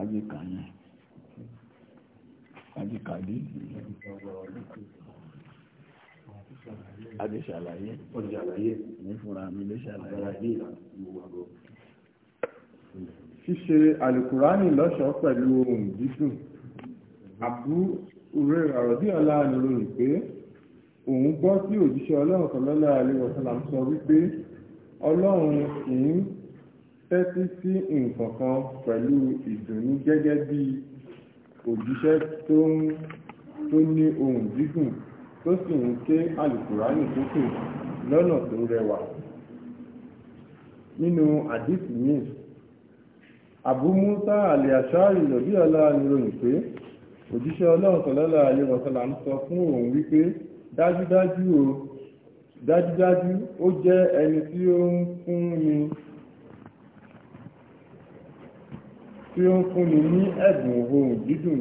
àjíkà yẹn àjíkà dé àti ṣàlàyé ọjàlàyé ní fúnra mi ló ṣàlàyé ṣíṣe alìkùránì lọ́ṣọ́ pẹ̀lú ohun dídùn àbú rẹ̀ àròdí ọlá níròyìn pé òun gbọ́ tí òjíṣẹ́ ọlọ́run kan lọ́lá àlewọ̀sán là ń sọ wípé ọlọ́run kì í tẹ́tí sí nǹkan kan pẹ̀lú ìdùnnú gẹ́gẹ́ bí òjíṣẹ́ tó ní ohùn dídùn tó sì ń ké alùkùránì sókè lọ́nà tó rẹwà nínú àdìsí yìí Abu Musa àlìàṣáàrì lòdì ọlá níròyìn pé òjíṣẹ́ ọlọ́run sọlọ́lá ayéwọ̀sọ́lá ń sọ fún òun wípé dájúdájú ó jẹ́ ẹni tí ó ń fún mi tí ó ń fúnni ní ẹ̀bùn ohun dídùn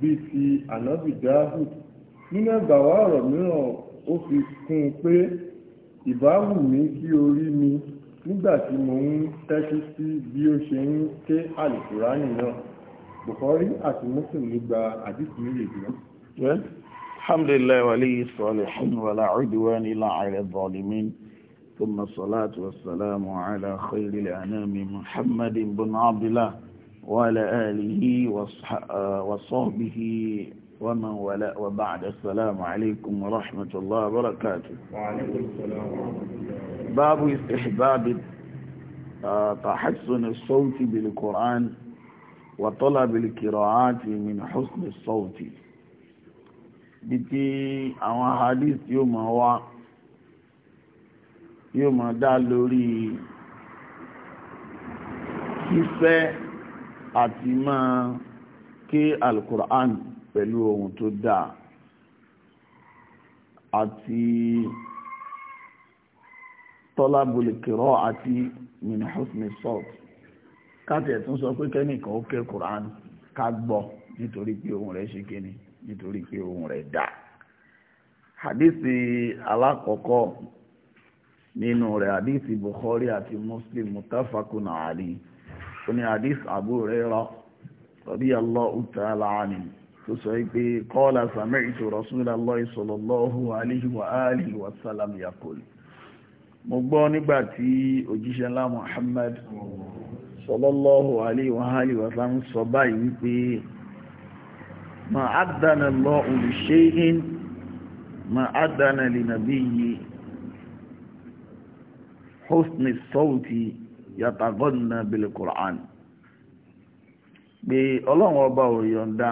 bíi ti ànábì Dáhùd nínú ẹgbàá ọ̀rọ̀ mìíràn ó fi kún un pé ìbáwù mi kí o mi nígbà tí mo ń tẹ́tí sí bí ó ṣe ń ké àlùkùránì náà Bukhari àti Muslim ló gba àdìsí méjèèjì náà. الحمد لله ولي الصالحين ولا عدوان إلا على الظالمين ثم الصلاة والسلام على خير الأنام محمد بن عبد الله وعلى آله وصحبه ومن ولا وبعد السلام عليكم ورحمة الله وبركاته وعليكم السلام ورحمة الله باب استحباب تحسن الصوت بالقرآن وطلب القراءات من حسن الصوت بتي àwọn hadith yóò máa wá yóò máa dá àti máa ké alukur'an pẹ̀lú ohun tó dáa àti talabul qira'ati min husni sawt káti ẹ̀tún sọ pé kẹ́nìkan ó ké kur'an ká gbọ́ nítorí pé ohun rẹ̀ ṣe kíni nítorí pé ohun rẹ̀ dáa hadisi alákọ̀ọ́kọ́ nínú rẹ̀ hadisi Bukhari àti Muslim mutafakun ali ṣùgbọ́n ní hadith Abu Hurairah radiyallahu ta'ala anhu tó sọ pé qala sami'tu Rasulallahi sallallahu alayhi wa alihi wa sallam yaqul mo gbọ́ nígbà tí òjíṣẹ́ ńlá Muhammad sallallahu alayhi wa alihi wa sallam sọ báyìí wípé ma adana Allahu li shay'in ma adana li nabiyyi husni sawti yàtàgọ́nà bílẹ̀ kùrán pé ọlọ́run ọba ò yọ̀ǹda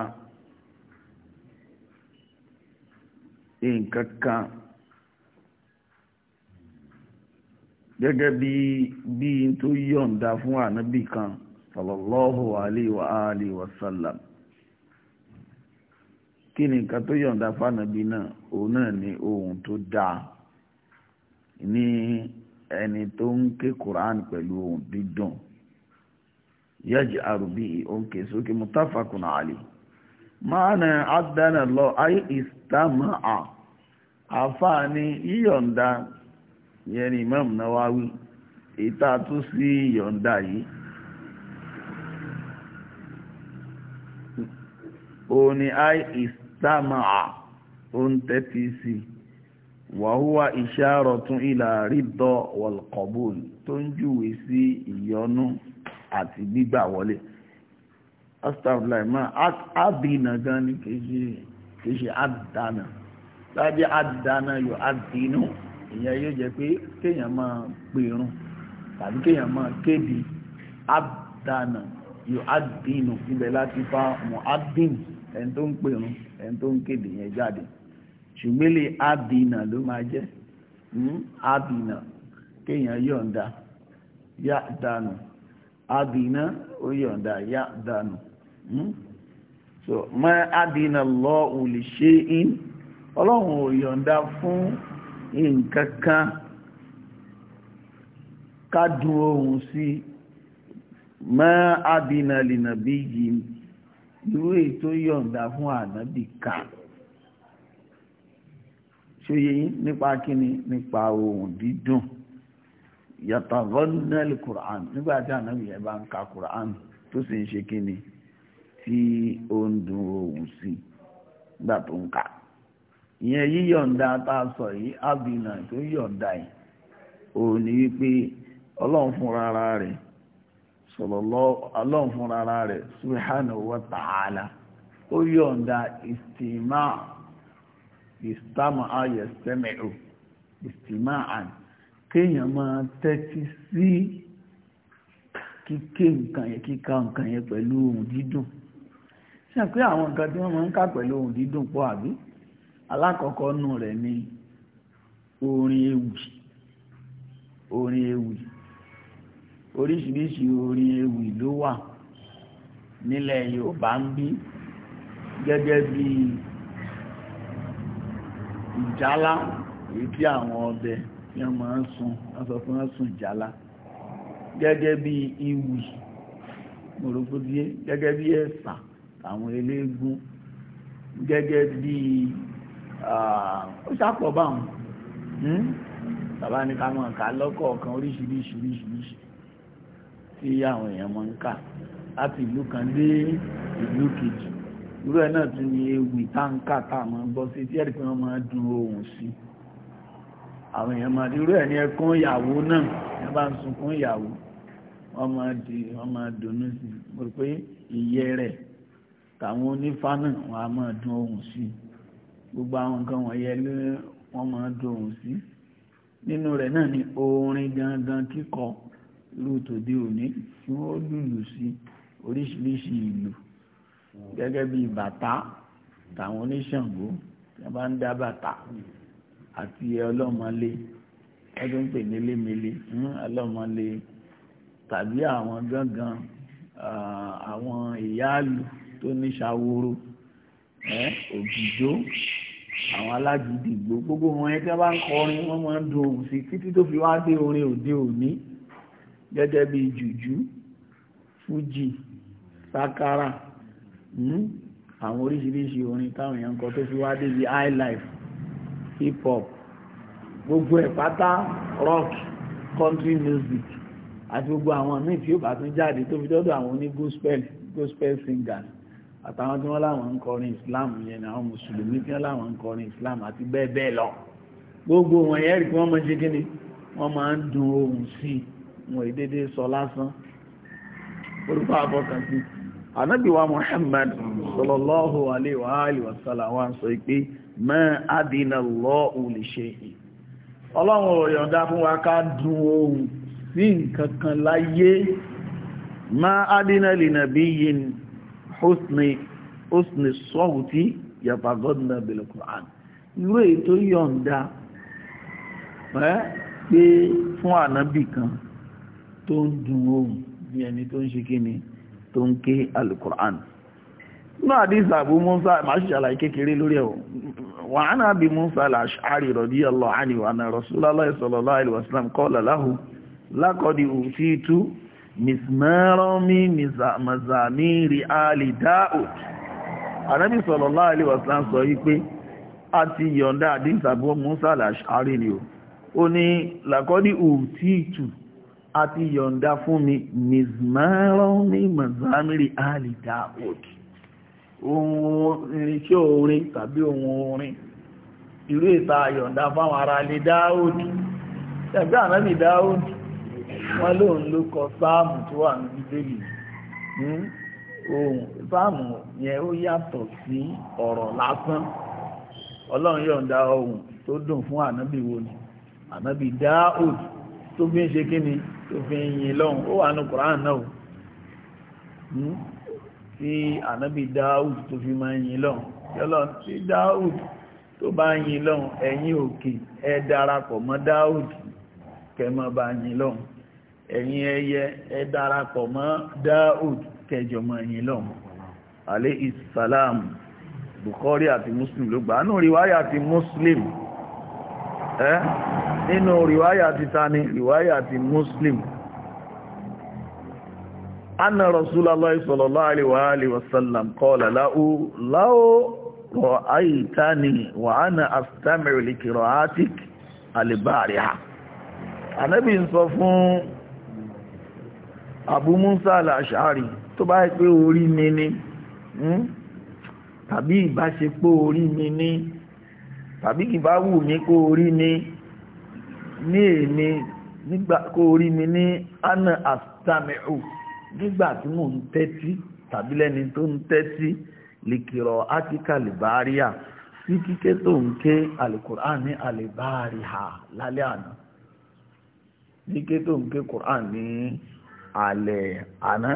nǹkan kan gẹ́gẹ́ bí bí n tó yọ̀ǹda fún ànábì kan sallallahu alayhi wa alihi wa sallam kí ni nǹkan tó yọ̀ǹda fún ànábì náà òun náà ni ohun tó dáa ní. ẹni tó ń ké quran pẹ̀lú ohun dídùn yẹ́jì àrùbí òǹkè sókè mutafakun ali máa nà ádánà lọ ayé ìstámáà àfáà ni yíyọ̀ǹda yẹn ni imam nawawi ìta tó sí yọ̀ǹda yìí òun ni ayé ìstámáà ó ń sí i wàhúwà ìṣàrọ̀ tún ilà rídọ̀ wọ̀lkọ̀bùn tó ń júwe sí ìyọnú àti gbígbà wọlé astagfilaima adìnà gan ni kìí ṣe adànà lájẹ́ adànà yóò adìnú ìyẹn yóò jẹ́ pé kéèyàn máa pèrún tàbí kéèyàn máa kéde adànà yóò adìnú ibẹ̀ láti fa mọ̀ adìnú ẹni tó ń pèrún ẹni tó ń kéde yẹn jáde. ṣùgbọ́n àdínà ló máa jẹ́ hmm? adìnà kéèyàn yọ̀nda yá dànù adìnà ó yọ̀nda yá dànù hmm? so mọ́ àdínà lọ lè ṣe in ọlọ́run ò yọ̀nda fún nǹkan kan ká dùn mẹ́ sí mọ́ adìnà lìnà bí yìí irú èyí tó fún ànábì kan. ṣe yé nípa kíni nípa ohun dídùn yàtọ̀ quran nígbà tí ànábì yẹn bá ń ka quran tó sì ń ṣe kíni tí ó ń dùn ohùn sí nígbà tó ń kà ìyẹn tá a sọ yìí abìnà tó yìí òun ni wípé ọlọ́run fúnra ara rẹ̀ sọ̀lọ́lọ́ ọlọ́run fúnra ara rẹ̀ subhanahu wa ta'ala ó ìstámàá a ìstímáà kéèyàn máa tẹ́tí sí kíké nǹkan yẹn kíka nǹkan yẹn pẹ̀lú ohun dídùn ṣe àwọn nǹkan tí wọ́n máa ń pẹ̀lú ohun dídùn pọ̀ àbí alákọ̀ọ́kọ́ nù rẹ̀ ni orin ewì orin ewì oríṣiríṣi orin ewì ló wà nílẹ̀ Yorùbá ń bí gẹ́gẹ́ ìjálá èyí tí àwọn ọdẹ tí wọ́n máa ń sun wọ́n sọ fún wọ́n sun ìjálá gẹ́gẹ́ bí ìwì mòròfódíé gẹ́gẹ́ bí ẹ̀sà àwọn eléégún gẹ́gẹ́ bí ó ṣàpọ̀ bá wọn hmm? bàbá ní ká mọ̀ ká lọ́kọ̀ọ̀kan oríṣiríṣi oríṣiríṣi tí àwọn èèyàn mọ̀ ń kà láti ìlú kan dé ìlú kejì irú ẹ̀ náà tún ní ewì táǹkà táàmù bọ́ sí tí ẹ̀rì pé wọ́n máa dùn ohùn sí àwọn èèyàn máa irú ẹ̀ ní ẹkún ìyàwó náà ẹ bá ń sunkún ìyàwó wọ́n máa di wọ́n máa dùnú sí mo rò pé ìyẹ́ rẹ̀ tàwọn onífá náà wọ́n á máa dùn ohùn sí gbogbo àwọn nǹkan wọ̀nyẹn ló wọ́n máa dùn ohùn sí nínú rẹ̀ náà ni orin gangan kíkọ irú tòde òní tí wọ́n lùlù sí oríṣiríṣi ìlú gẹ́gẹ́ bíi bàtà tàwọn oníṣàngó tí wọ́n bá ń dá bàtà àti ọlọ́mọlé wọ́n tó ń pè ní lémele hmm, ọlọ́mọlé tàbí àwọn gángan àwọn ìyáàlù tó ní ṣàwòrò òjìjó àwọn alágídìgbò gbogbo wọn yẹn tí wọ́n bá ń kọrin wọ́n máa ń dùn òun sí títí tó fi wá dé orin òde òní gẹ́gẹ́ bíi jùjú fújì sákárà Hmm? àwọn oríṣiríṣi orin táwọn èèyàn kọ tó fi wá débi high life hip hop gbogbo ẹ̀ pátá rock country music àti gbogbo àwọn míì tí ó bá tún jáde tó fi dọ́dọ̀ àwọn oní gospel gospel singers àtàwọn tí wọ́n láwọn ń kọrin Islam yẹn ni àwọn mùsùlùmí tí wọ́n láwọn ń kọrin Islam àti bẹ́ẹ̀ bẹ́ẹ̀ lọ gbogbo wọn yẹn rí kí wọ́n máa ṣe kí ni wọ́n máa ń dun ohùn sí wọn ìdédé sọ lásán orúkọ àfọkànsí anábìwá muhammad sallallahu alaihi wa alihi wa sallam wá ń sọ pé ma adina Allahu li shay'in ọlọ́run ò yọ̀ǹda fún wa ká dùn ohùn sí nǹkan kan láyé ma adina li nabiyyin husni husni sawti yàtàgọ́dùnà bil Qur'an irú èyí tó yọ̀ǹda pé fún ànábì kan tó ń dùn ohùn bí ẹni tó ń ṣe kí ni tó ń ké alukur'an ní àdísà Abu Musa máṣíṣàlá kékeré lórí ẹ̀wọ̀n wà á náà bí Musa al-Ash'ari radiyallahu anhu anna Rasulullah sallallahu alaihi wasallam qala lahu laqad utitu mismarami mazamiri ali Daud Ànábì sallallahu alaihi wasallam sọ wípé a ti yọ̀ǹda àdísà Abu Musa al àti yọ̀ǹda fún mi mizmaron ní mazamiri ali daud ohun irinṣẹ́ orin tàbí ohun orin irú ìta yọ̀ǹda fáwọn ará ilé daud tàbí ànábì daud wọ́n lóun ló kọ sáàmù tó wà ní bíbélì hmm? ohun sáàmù yẹn ó yàtọ̀ sí ọ̀rọ̀ lásán ọlọ́run yọ̀ǹda ohun tó dùn fún ànábì wo ni ànábì daud tó fi ń ṣe kí ni tó fi ń yin lọ́hùn ó wà ní Quran náà o hmm? tí ànábì Dáúd tó fi máa ń yin lọ́hùn yọ́lọ́ tí Dáúd tó bá ń yin lọ́hùn ẹ̀yin òkè ẹ darapọ̀ mọ́ Dáúd kẹmọ́ bá yin lọ́hùn ẹ̀yin ẹyẹ ẹ darapọ̀ mọ́ Dáúd kẹjọ mọ́ yin lọ́hùn alẹ́ ìsàlámù Bukhari àti Muslim ló gbà á nù rí wáyà àti Muslim ẹ́ eh? nínú ríwáyà ti ta ni ríwáyà ti muslim anna rasulallah sallallahu alaihi wa sallam qala lahu law ra'aytani wa ana astami'u li qira'atik al-bariha anabi ń sọ fún abu musa al-ash'ari tó bá pé orí mi ni hmm? tàbí ìbáṣepọ̀ orí mi ni tàbí kì bá wù mí kó orí mi ní èmi nígbà kó orí mi ní anna astamiu nígbà tí mò ń tẹ́tí tàbí lẹ́ni tó ń tẹ́tí lìkìrọ̀ átíkà lìbáríà sí kíké tó ń ké alìkùrán ní alìbáríà lálẹ́ àná kíké tó ń ké kùrán ní alẹ́ àná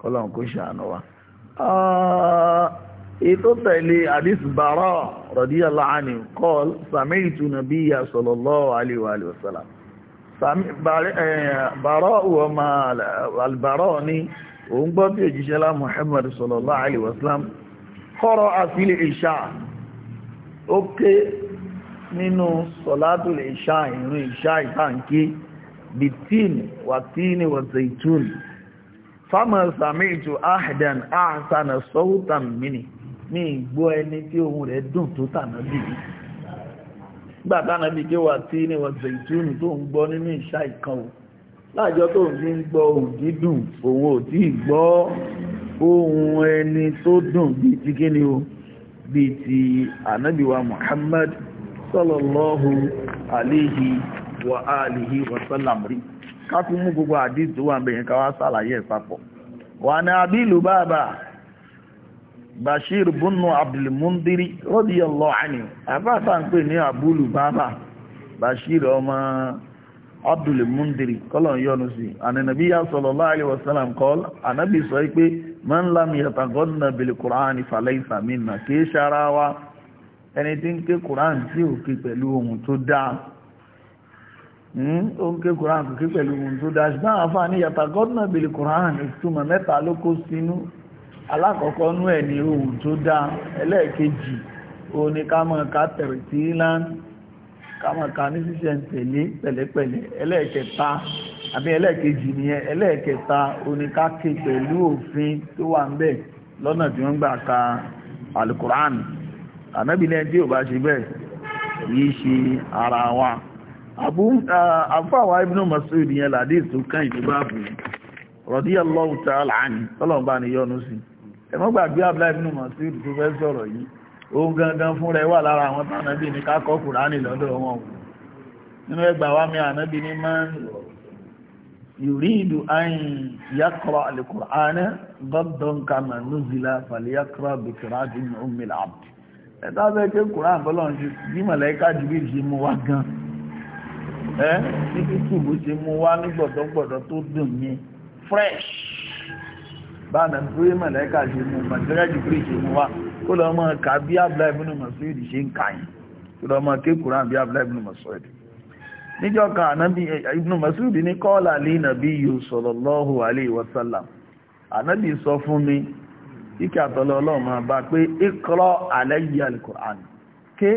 kọ́lọ̀ kó ṣàánú wa. Ah, ètò tẹ̀lé àdís bàárà radiyallahu anhu kọ́l sami'tu nabiyya sallallahu alaihi wa sallam bàárà ọmọ albàárà ní òun gbọ́ bí òjíṣẹ́lá muhammad sallallahu alaihi wa sallam kọ́rọ̀ àfilẹ̀ ìṣà ó ké nínú sọ̀látùl ìṣà ìrìn ìṣà ìtànkí bitín wàtíni ní ìgbọ́ ẹni tí ohun rẹ̀ dùn tó tànábì nígbà tànábì kí wà tí ní wọ́n zaitúnù tó ń gbọ́ nínú ìṣá ìkan o láàjọ tó ń gbọ́ ohùn dídùn òun ò tí gbọ́ ohun ẹni tó dùn bíi ti kí ni o bíi ti ànábìwa Muhammad sallallahu alayhi wa alihi wa sallamri rí ká tún mú gbogbo àdìsí wà bẹ̀yẹn ká wá sàlàyé ẹ̀ papọ̀ wà ní abílù bàbá bashir bunu abdulmundiri radiyallahu anhu àbáta ń pè ni abúlù bàbá bashir ọmọ abdulmundiri kọ́lọ̀ yọnu sí ànànàbí yá sallallahu alaihi wasallam kọ́l ànàbí sọ pé man lam yataghanna bil qur'ani falaysa minna ke ṣara wa ẹni tí ń ké quran tí ò ké pẹ̀lú ohun tó dáa hmm? ó ń ké quran pẹ̀lú ohun tó dáa ṣùgbọ́n àǹfààní yàtà gọ́dùnà bèèrè quran ìtumọ̀ mẹ́ta ló kó sínú alákọ̀ọ́kọ́ nú ẹ̀ ohun tó dá ẹlẹ́ẹ̀kejì o ní kámọ̀ká tẹ̀rẹ̀tìlán kámọ̀ká ní ṣíṣẹ́ tẹ̀lé pẹ̀lẹ́pẹ̀lẹ́ ẹlẹ́ẹ̀kẹta àbí ẹlẹ́ẹ̀kejì nìyẹn ẹlẹ́ẹ̀kẹta o ní ká pẹ̀lú òfin tó wà ń bẹ̀ lọ́nà tí wọ́n gbà ka alukuran ànábì ní ẹjẹ́ ò bá ṣe bẹ́ẹ̀ yìí ṣe ara wa àbúfàwà ẹmọ́ gbàgbé abdullahi ibn masud tó fẹ́ sọ̀rọ̀ yìí ohun gangan fún rẹ̀ wà lára àwọn tánàbí ní kákọ́ kùránì lọ́dọ̀ wọn nínú ẹgbà wá mi ànábí ní man yuridu an yaqra al-Qur'ana gọ́dọ̀n kama nuzila falyaqra bìkìrátì ní ummil abd ẹ̀ta fẹ́ pé kùrán bọ́lọ̀ bí mọ̀lẹ́ká jùlọ ṣe mú wá gan ẹ́ ní kíkù bó ṣe mú wá nígbọ̀dọ̀gbọ̀dọ̀ tó dùn yẹn fresh báàdà nítorí mọ̀lẹ́kà ṣe mú mọ̀tẹ́rẹ́ jìbìrì ṣe mú wá kó lọ mọ ká bí abúlé ibùnú masoid ṣe ń kà kó lọ mọ ké kúrán bí níjọ́ ànábì eh, eh, ní nàbí sallallahu alaihi wasallam ànábì sọ fún mi kíkẹ́ àtọ́lọ́ ọlọ́run bá pé iqra ké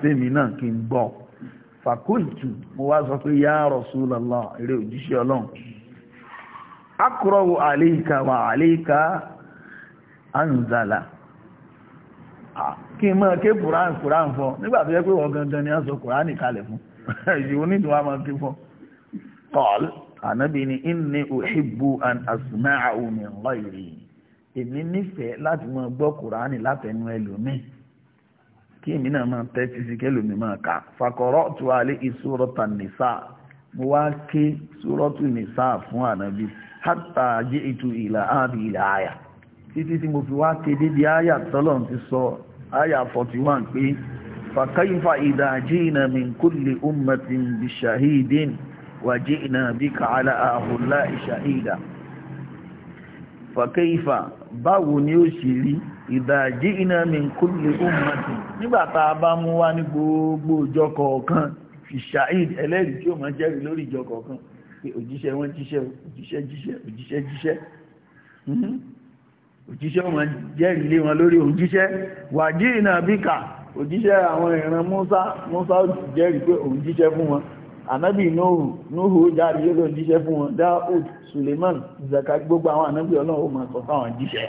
fèmí náà kí n gbọ́ mo wá sọ pé yá akọrọ̀wò àléìka wà àléìka anzala kí n mọ́ ké kùrán kùrán fún nígbà tó yẹ pé wọ́n gangan ni a sọ kùrán nìkalẹ̀ fún èyí onídùn a máa ké fún kọ́l ànábì ni inni uhibbu an asma'u min ghayri èmi nífẹ̀ẹ́ láti mọ́ gbọ́ kùránì látẹnu ẹlòmí kí èmi náà máa tẹ́tí sí kẹlòmí máa kà fàkọ̀rọ̀ tó alẹ́ suratan mo wá ké sórọ́tù nìsáà fún ànábì hátà jẹ́ ètò ìlà áàbì ìlà àyà títí tí mo fi wá ké débi àyà tọ́lọ̀ ti sọ àyà 41 pé fàkàyífà ìdájí ìnà min kulli ummatin bi shahidin wà jẹ́ ìnà bí kààlà àhùlá ìṣàhídà fàkàyífà báwo ni ó ṣe rí ìdájí ìnà min kulli ummatin nígbà tá bá mú wá ní gbogbo ìjọ fìṣàìd ẹlẹ́rìí tí ó máa jẹ́rìí lórí ìjọ kọ̀ọ̀kan pé òjíṣẹ́ wọn jíṣẹ́ òjíṣẹ́ jíṣẹ́ òjíṣẹ́ jíṣẹ́ hmm? òjíṣẹ́ wọn jẹ́rìí lé wọn lórí òjíṣẹ́ wàjí ìnàbíkà òjíṣẹ́ àwọn ìran Musa Musa jẹ́rìí pé òun jíṣẹ́ fún wọn ànábì nóòhù nóòhù jáde yóò jíṣẹ́ fún wọn Dáúd Suleiman Zakari gbogbo àwọn ànábì Ọlọ́run ó máa sọ fáwọn jíṣẹ́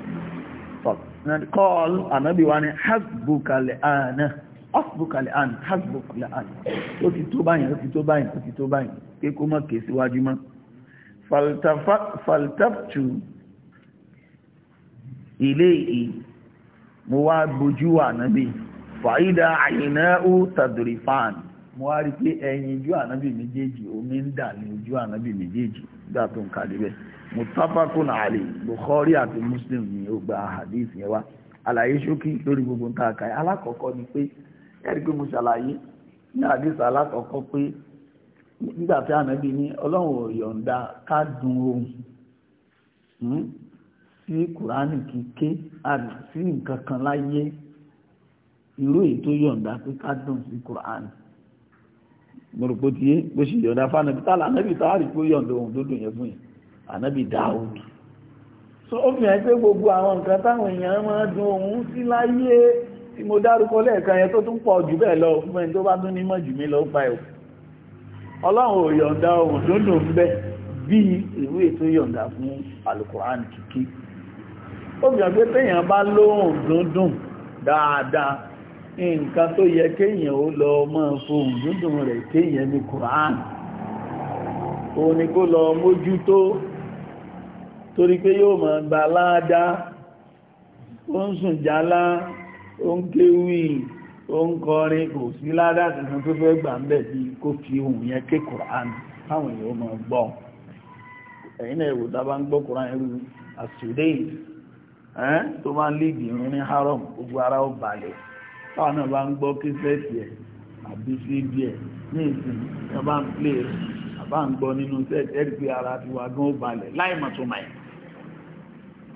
kọ́ọ̀lù ànábì wa ni hasbukale ana hasbukale ana hasbukale ana ó ti tó báyìí ó ti tó báyìí ó ti tó báyìí pé kó mọ́ kè síwájú mọ́ faltaftu ilé ì mo wá bojú wà ànábì fàídà àyìnáú tàdùrìfàn mo wá rí pé ẹ̀yìn ojú ànábì méjèèjì omi ń dà ní ojú ànábì méjèèjì gbà tó ń kà débẹ̀ mutafakun ali bukhari àti muslim ni ó gba hadith yẹn wá àlàyé ṣókí lórí gbogbo ń tààkà yẹn alákọ̀ọ́kọ́ ni pé ẹ̀rí pé mo ṣàlàyé ní hadith alákọ̀ọ́kọ́ pé nígbà tí ànábì ní ọlọ́run ò yọ̀ǹda ká dun ohùn hmm, sí kùránì kíké sí nǹkan kan láyé irú èyí tó yọ̀ǹda pé ká dùn sí kùránì mo rò pé ó ti yé bó ṣe yọ̀ǹda fáànà bí tálà ànábì táwárì pé ó yọ̀ǹda ohun tó dùn yẹn fún yẹn ànábì Dáúd so ó fi hàn pé gbogbo àwọn nǹkan táwọn èèyàn máa dùn òun sí láyé tí mo dárúkọ lẹ́ẹ̀kan yẹn tó tún pọ̀ jù bẹ́ẹ̀ lọ fún ẹni tó bá tún ní mọ̀ jù mí lọ pa ẹ̀ ọlọ́run ò yọ̀ǹda ohun dúndùn ń bẹ bí ìwé tó yọ̀ǹda fún alukoran kìkí ó fi hàn pé téèyàn bá lóhùn dúndùn dáadáa nǹkan tó yẹ kéèyàn ó lọ mọ́ fún dúndùn rẹ̀ kéèyàn ní koran òun ni kó lọ mójútó torí pé yóò máa gbà láàdá ó ń sùn jálá ó ń kéwì ó ń kọrin kò sí láàdá tuntun tó fẹ́ gbà ń bẹ̀ bí kó fi ohun yẹn ké Qur'an táwọn èèyàn máa gbọ́ ẹ̀yìn náà ìwò dábá ń gbọ́ Qur'an irú àsùdéè tó máa ń irun ní haram gbogbo ara ó balẹ̀ táwọn náà bá ń gbọ́ àbí ẹ̀ ní ìsìn bá ń pè é ń gbọ́ nínú sẹ́ẹ̀tì pé ara ti gan ó balẹ̀ láì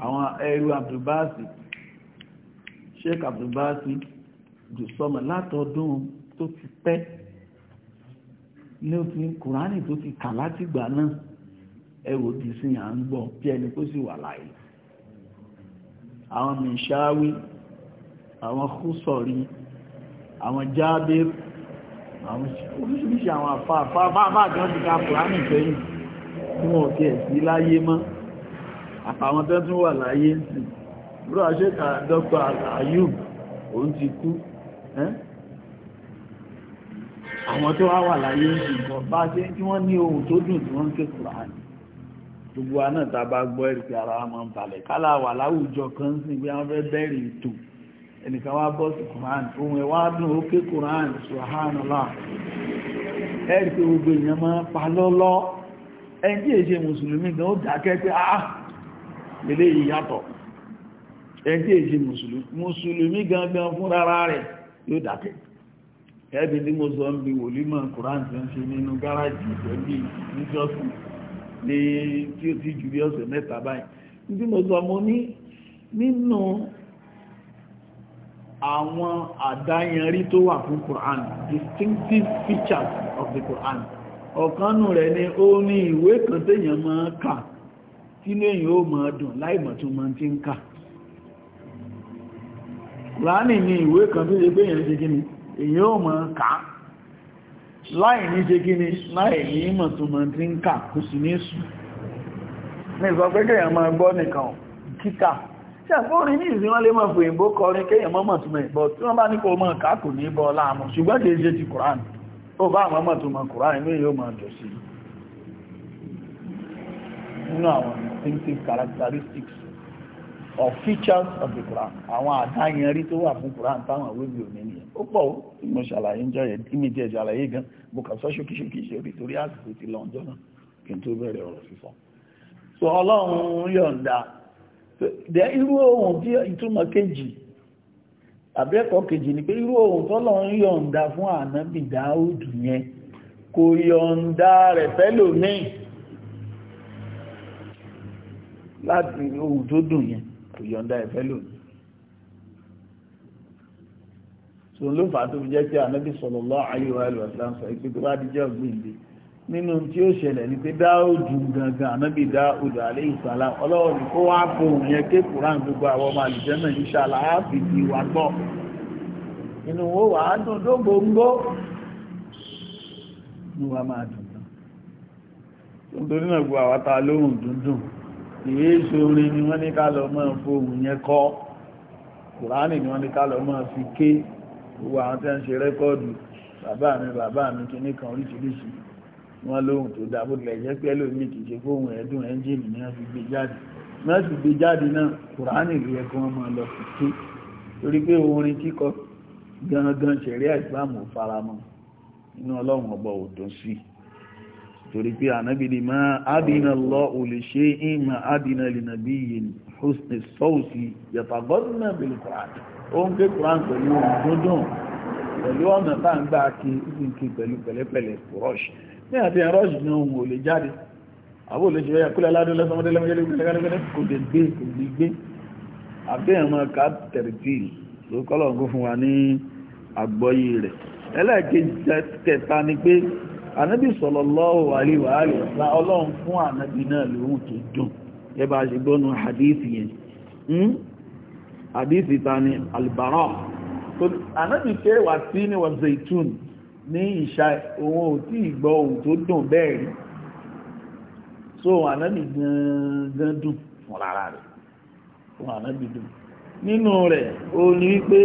àwọn ẹrú abdulbasi sheik abdulbasi jùsọmọ látọdún tó ti pẹ́ ní ti kùránì tó ti kà látìgbà náà ẹwò ti sin à ń gbọ́ bí ẹni kó sì wà láàyè àwọn mìṣáwí àwọn kúsọ̀rí àwọn jáde àwọn oríṣiríṣi àwọn àfáàfáà bá bá kan ti ka kùránì sẹ́yìn tí wọn ò tiẹ̀ sí láyé mọ́ àwọn tó tún wà láyé sí bro àṣẹ́kà dr ayub òun ti kú àwọn tó wá wà láyé sí nǹkan bá ṣe tí wọ́n ní ohun tó dùn tí wọ́n ń ké kùránì gbogbo wa náà bá gbọ́ ẹ̀rì ara wa máa ń balẹ̀ kálá wà láwùjọ kan sí pé wọ́n fẹ́ bẹ̀rẹ̀ ètò ẹnìkan wá bọ́ sí kùrán ohun ẹ̀wá dùn ó ké kùrán subhanallah ẹ̀rì pé gbogbo èèyàn máa pa lọ́lọ́ ẹni tí èṣe mùsùlùmí gan ó dákẹ́ pé ah, lélé yìí yàtọ̀ ẹ̀tí èjì mùsùlùmí gangan fún rárá rẹ̀ yóò dákẹ́ ẹbí tí mo sọ ń bi wòlímọ̀ kùrántì ń ṣe nínú gáràjì ìjọ́bí níjọ́sìn ní tí ó ti jù bí ọ̀sẹ̀ mẹ́ta báyìí tí mo sọ mo ní nínú àwọn àdáyanrí tó wà fún Quran distinctive features of the Quran ọ̀kanù rẹ̀ ni ó ní ìwé kan téèyàn máa kà tínú èyàn ó mọ̀ dùn láìmọ̀ tó ń ni ìwé kan tó ṣe pé èyàn ṣe kíni èyàn ó mọ̀ ni láìní ṣe kíni láìní mọ̀ tó mọ̀ tí ń kà kò ní ní pé máa gbọ́ nìkan kíkà tí ní wọ́n lè máa kọrin tó ìbọ̀ tí wọ́n bá ní kò ní bọ́ ṣùgbọ́n kìí ṣe ti ó bá distinctive characteristics or features of the Quran àwọn àdáyẹnrí tó wà fún Quran táwọn ìwé mi ò ní nìyẹn ó pọ̀ ó tí mo ṣàlàyé ń jọyẹ̀ tí mi jẹ́ ṣàlàyé gan mo kà sọ ṣókíṣókí ṣe orí torí àsìkò ti lọ ọjọ́ náà kí n tó bẹ̀rẹ̀ ọ̀rọ̀ sísọ so Ọlọ́run yọ̀ǹda dẹ irú ohun tí ìtumọ̀ kejì àbẹ́kọ̀ọ́ kejì ni pé irú ohun tọ́lọ́run yọ̀ǹda fún ànábì Dáúdù yẹn kò yọ̀ǹda rẹ̀ fẹ́lòmíì láti ohun tó dùn yẹn kò yọ̀ǹda ẹ̀fẹ́ lónìí so ló fà á tó fi jẹ́ pé ànábì sallallahu alaihi wa sallam sọ pé tó bá di jẹ́ ọ̀gbìnde nínú tí ó ṣẹlẹ̀ ní pé dáòdù gangan ànábì dáòdù alayhi salam ọlọ́run kó wá fohùn yẹn ké kùrán gbogbo àwọn ọmọ àlùjẹ́ náà insha Allah á fi ti wà gbọ́ inú wo wàá dùn tó gbòǹgbò ní wàá máa dùn náà nítorí náà gbogbo àwa ta lóhùn dúndùn ìwé ìṣòro ni wọ́n ní ká lọ máa fóògùn yẹn kọ́ kùránì ni wọ́n ní ká lọ máa fi ké gbogbo àwọn tí wọ́n ṣe rẹ́kọ́ọ̀dù bàbá mi bàbá mi kìíní kan oríṣiríṣi wọ́n lóhùn tó dáa bó tilẹ̀ jẹ́ pé ẹlòmíì kì í ṣe fóògùn ẹ̀dùn ẹ́ńjìnì ni wọ́n fi gbé jáde wọ́n sì gbé jáde náà kùránì ló yẹ kí wọ́n máa lọ fi ké torí pé orin kíkọ gangan ṣẹ̀rí àìsàn ò inú ọlọ́run ọ̀bọ̀ ò sí i torí pé ànábìdì máa adìnà lọ olè ṣe ìmọ̀ adìnà lìnàbí yìí husni sọ́ọ̀sì yàtàgọ́dúnà bíi quran ó ń ké quran pẹ̀lú òdúndùn pẹ̀lú ọ̀nà tá ń gbà kí ń kí pẹ̀lú pẹ̀lẹ́pẹ̀lẹ́ rush ní àti rush ní ohun olè jáde àbó olè ṣe fẹ́ kúlẹ̀ aládùn lọ́sọmọdé lẹ́mọ́jẹ́lẹ́ kò lè gbé kò lè gbé àbẹ́yàn máa ká ànábì sallallahu alaihi wa alihi wasallam ọlọ́run fún ànábì náà lóhùn tó dùn yẹba ṣe gbọ́nu hadithi yẹn hmm? hadithi ta ni albara ànábì ké wà sí ní wà zaitun ní ìṣà òun ò tí ì gbọ́ ohun tó dùn bẹ́ẹ̀ rí so ànábì gan dùn fún rárá rẹ̀ fún ànábì dùn nínú rẹ̀ ó ní wípé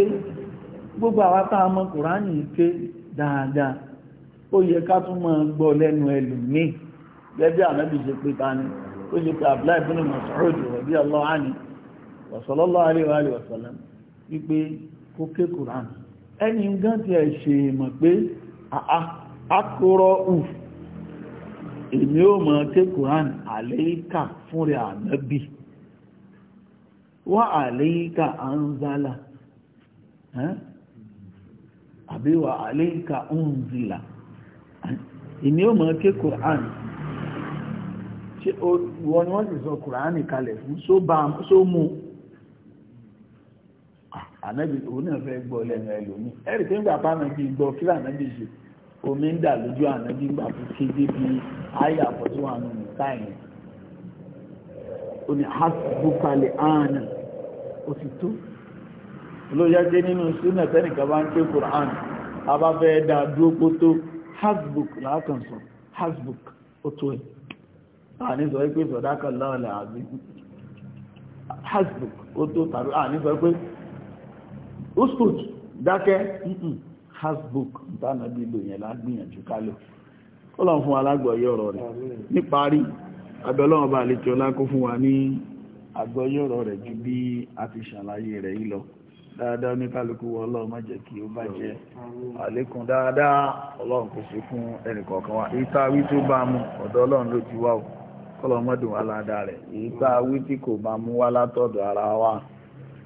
gbogbo àwọn tá a mọ kùránì ké dáadáa ó yẹ ká tún máa gbọ́ lẹ́nu ẹlòmíì gẹ́gẹ́ ànábì ṣe pé ta ni ó ṣe pé Abdullahi ibn Mas'ud radiyallahu wa sallallahu alaihi wa sallam wípé kó ti wa anzala unzila ìní ò mọ̀ ké kùránì ṣe wọn ni wọ́n sì sọ kùránì kalẹ̀ fún só mú ah, ànábì òun náà fẹ́ gbọ́ lẹ́nu ẹlòmí ẹ̀rì tí ń gbà pàmì bí gbọ́ kí ànábì ṣe omi ń dà lójú ànábì gbà fún kéde bí àyà àfọ̀tíwọ̀n nìkáyìn ó ní hasbukalẹ̀ ààrùn òtítọ́ olóyájẹ́ nínú súnà tẹ́nìkan bá ń ké kùránì abáfẹ́ dá dúró pótó hasbuk láàkàn sọ hasbuk e tó ẹ̀ àníṣọ́ pé sọ̀dáka láàlẹ̀ àbí hasbuk ó tó tàbí àníṣọ́ pé uskut dákẹ́ hasbuk dáná bí lò yẹn lágbìyànjú kálò ọlọ́run fún alágbọ̀yẹ ọ̀rọ̀ rẹ̀ níparí abẹ́lọ́run bá wa ju a ti dáadáa oníkálukú wọ ọlọ́run má jẹ́ kí o bá jẹ́ àlékún dáadáa ọlọ́run kò sí fún wa èyí a wí tó bá mu ọ̀dọ̀ ọlọ́run ló ti wá o kọ́lọ́run dùn wá rẹ̀ tí ara wa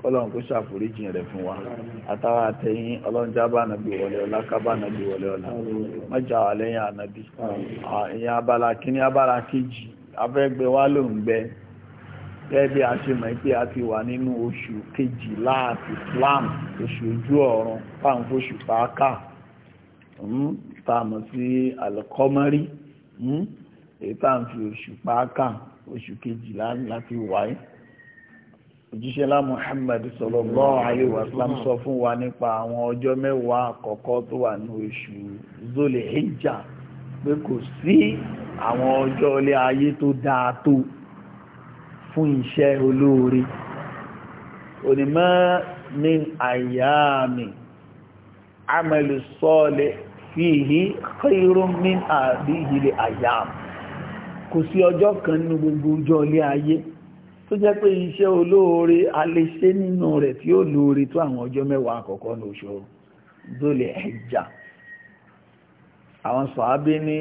kọ́lọ́run ṣàforíjì rẹ̀ fún wa àtàwọn àtẹ̀yìn ọlọ́run nàbí wọlé kábà nàbí wọlé má jà wà lẹ́yìn gẹ́gẹ́ a ṣe mọ̀ pé a ti wà nínú oṣù kejìlá àti Islam oṣù ojú ọ̀run pàǹfóṣù pàákà hmm, tààmù sí alkọ́mọ́rí hmm, èyí tààmù oṣù pàákà oṣù kejìlá láti wáyé òjíṣẹ́ lá Muhammad sallallahu alaihi wasallam sọ fún wa nípa àwọn ọjọ́ mẹ́wàá àkọ́kọ́ tó wà ní oṣù Zul Hijja pé kò sí àwọn ọjọ́ ilé ayé tó dáa tó fún iṣẹ́ olóore onímọ̀ ní àyàmì amẹ́lù sọ́ọ̀lẹ̀ fíhí khairun min àbíhì lè àyàmì kò sí ọjọ́ kan nínú gbogbo ọjọ́ ilé ayé tó jẹ́ pé iṣẹ́ olóore a lè ṣe nínú rẹ̀ tí ó lóore tó àwọn ọjọ́ mẹ́wàá àkọ́kọ́ ní oṣù Dhul àwọn sọ̀hábí ní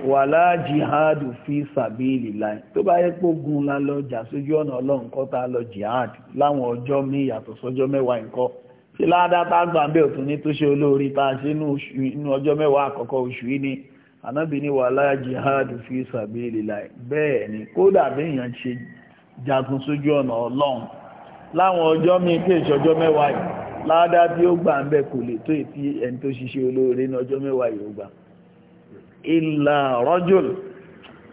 wàlá jihadu fi sabilillah tó bá yẹ pé ogun la lọ jà sójú ọ̀nà ọlọ́run kọ́ tá a lọ jihad láwọn ọjọ́ míì yàtọ̀ sọ́jọ́ mẹ́wàá nǹkan ṣe ládàá tá a gbà bẹ́ẹ̀ òtún ní tó ṣe olóore tá a ṣe nínú ọjọ́ mẹ́wàá àkọ́kọ́ oṣù yìí ni ànábì ní wàlá jihadu fi sabilillah bẹ́ẹ̀ ni kódà bẹ́ẹ̀ yàn ṣe jagun sójú ọ̀nà ọlọ́run láwọn ọjọ́ míì pé ìṣọjọ́ mẹ́wàá yìí ládàá tí ó gbà ń bẹ̀ kò lè tó ètí ẹni tó ìlà rọ́jùl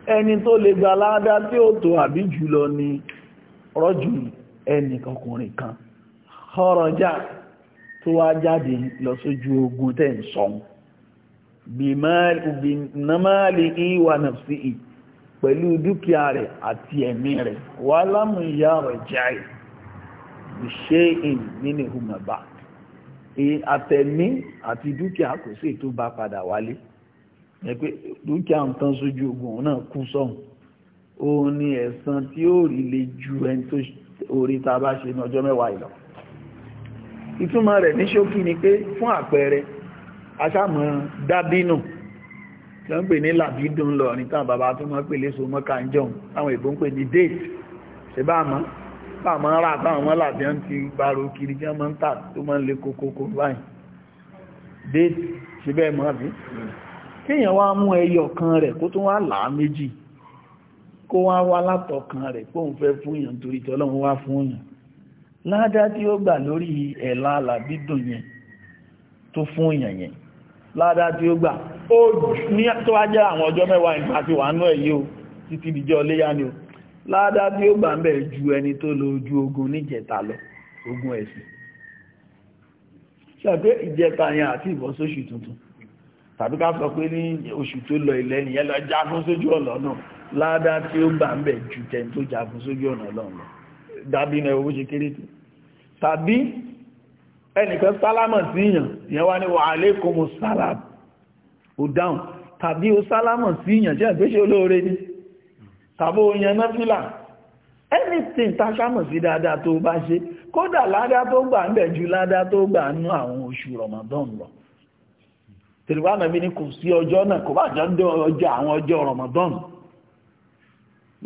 ẹni tó lè gba ládá tí ó tó àbí jùlọ ni rọ́jùl ẹni kọkùnrin kan ọ̀rọ̀já tó wá jáde lọ sójú ogun tẹ́ ń sọ bìnámàlì ìwà nàfsí ì pẹ̀lú dúkìá rẹ̀ àti ẹ̀mí rẹ̀ wà lámù ìyá rẹ̀ jáì ṣe ìn àtẹ̀mí àti dúkìá kò sí tó bá padà wálé ẹ pé dúkìá nǹkan sójú ogun òun náà kú sọ́hun òun ni ẹ̀san tí ó rí le ju ẹni tó orí tá a bá ṣe ní ọjọ́ mẹ́wàá ìlọ ìtumọ̀ rẹ̀ ní ṣókí ni pé fún àpẹẹrẹ aṣáàmọ̀ dábínù tí wọ́n pè ní làbídùn lọ ní tán bàbá tó mọ́ pè léso mọ́ká ń jọun táwọn ìbò ń pè ní date ṣe bá mọ́ bá mọ́ rà táwọn mọ́ làbí ń ti gbàrò kiri jẹ́ mọ́ ń tà tó mọ́ ń le kókókó báyìí date ṣe bẹ́ẹ̀ mọ́ bí kéèyàn wá mú ẹyọ kan rẹ̀ kó tún wá làá méjì kó wá wá látọ̀kan rẹ̀ kóun fẹ́ fún yàn torí tọ́lọ́run wá fún yàn ládá tí ó gbà lórí ẹ̀là àlàbídùn yẹn tó fún yàn yẹn ládá tí ó gbà ó ní tó wá jẹ́ àwọn ọjọ́ mẹ́wàá ìgbà o ni o ládá tí ó gbà ń bẹ̀ ju ẹni tó lọ ojú ogun níjẹta lọ ogun ẹ̀sìn ṣàpé ìjẹta yẹn àti ìbọ̀sóṣù tuntun tàbí ká sọ pé ní oṣù tó lọ ilẹ̀ nìyẹn lọ jagun sójú ọ̀nà náà ládá tí ó gbà ń bẹ̀ ju tẹ̀ tó jagun sójú ọ̀nà ọlọ́run lọ dàbí ní owó ṣe kéré tó tàbí ẹnìkan sálámọ̀ sí yàn ìyẹn wá ní wa alaykumu sálàm ó dáhùn tàbí ó sálámọ̀ sí yàn jẹ́ ìgbésẹ̀ olóore ni tàbí ó yan náfìlà anything tá sámọ̀ sí dáadáa tó bá ṣe kódà ládá tó gbà ń bẹ̀ ju ládá tó gbà nú àwọn oṣù Ramadan lọ tẹ̀lifá nàbí ni kò sí ọjọ́ náà kò bá jẹ́ ọjọ́ àwọn ọjọ́ Ramadan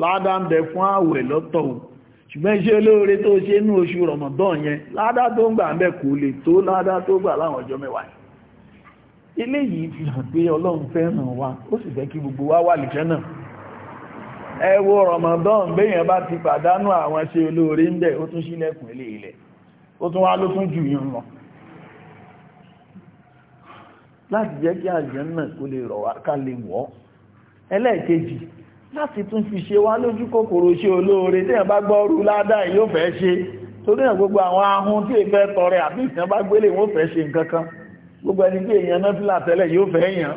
ládàá ń bẹ fún àwẹ̀ lọ́tọ̀ ṣùgbọ́n iṣẹ́ olóore tó ṣe ní oṣù Ramadan yẹn ládàá tó ń gbà ń bẹ kò lè tó ládàá tó gbà láwọn ọjọ́ mẹ́wàá yìí ilé yìí fi hàn pé ọlọ́run fẹ́ fẹ́ràn wa ó sì fẹ́ kí gbogbo wa wà lìfẹ́ náà ẹ wo Ramadan béèyàn bá ti pàdánù àwọn ṣe olóore ń bẹ ó tún ṣílẹ̀kùn ilé ilẹ̀ ó tún wá ló tún jù yàn lọ láti jẹ́ kí àlùjánnà kó lè rọ̀ wá ká lè wọ̀ ẹlẹ́ẹ̀kejì láti tún fi ṣe wá lójú kòkòrò ṣe olóore tí ẹ̀ bá gbọ́rú ládàá yóò fẹ́ ṣe torí náà gbogbo àwọn ahun tí èfẹ́ tọrẹ àbí ìtàn bá gbélé wọ́n fẹ́ ṣe nǹkan kan gbogbo ẹni pé èèyàn náà fílà tẹ́lẹ̀ yóò fẹ́ yàn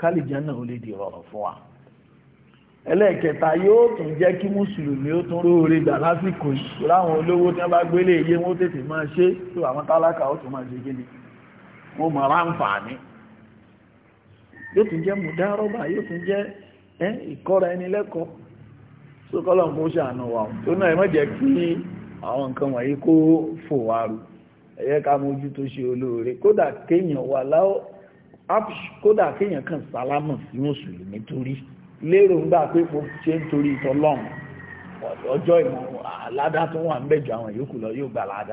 kálìjánnà ó lè di rọrùn fún wa ẹlẹ́ẹ̀kẹta yóò tún jẹ́ kí mùsùlùmí ó tún róore gbà lásìkò yìí láwọn olówó tí wọ́n bá gbélé iye wọ́n tètè máa ṣe tó àwọn tálákà ó tún máa ṣe gíní wọ́n mọ̀ ní yóò tún jẹ́ rọ́bà yóò tún jẹ́ ìkọ́ra ẹni lẹ́kọ̀ọ́ tó kọ́lọ̀ kó ṣàánú wa tó náà ẹ kí àwọn nǹkan wọ̀nyí kó fò wá rú ká mójú tó ṣe olóore kódà kan sí mùsùlùmí torí lérò ń gbà pé ṣe ń torí ìtọ́lọ́run ọjọ́ ìmọ̀ tó wà ń bẹ̀jọ àwọn yòókù lọ yóò gbà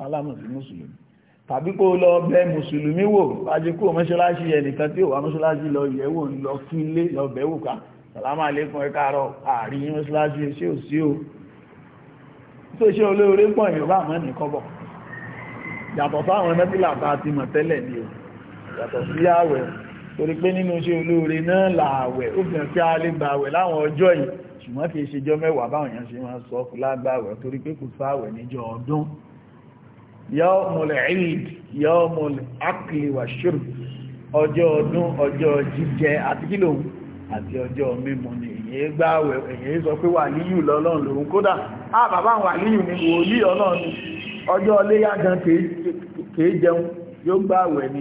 sálámù sí mùsùlùmí tàbí kó lọ bẹ mùsùlùmí wò láti kó mọ́ṣáláṣí ẹnìkan tí ò wá mọ́ṣáláṣí lọ yẹ̀wò ń lọ kí ilé lọ bẹ̀wò ká sàlámà lẹ́kùn ẹ̀ka àárọ̀ àárín mọ́ṣáláṣí ṣé ò sí o tó ṣe olóore pọ̀ ìyọ̀bá àmọ́ ní kọ́bọ̀ yàtọ̀ sáwọn nẹ́bílà bá ti mọ̀ tẹ́lẹ̀ ni o yàtọ̀ sí ààwẹ̀ torí pé nínú ṣe olóore náà lààwẹ̀ ó fi hàn kí a lè gbààwẹ̀ láwọn ọjọ́ yìí ṣùgbọ́n kì í ṣe jọ mẹ́wàá báwọn èèyàn ṣe máa sọ fúlágbààwẹ̀ torí pé kò sáwẹ̀ níjọ ọdún yawmul eid yawmul akli wa shurb ọjọ́ ọdún ọjọ́ jíjẹ àti kí lòun àti ọjọ́ mímu ni èyí gbá pe wa pé wà níyù lọ́lọ́run lòun kódà ah, bàbá wà níyù ni wòlí ọlọ́run ọjọ́ léyà gan kèé jẹun yóò gbá ni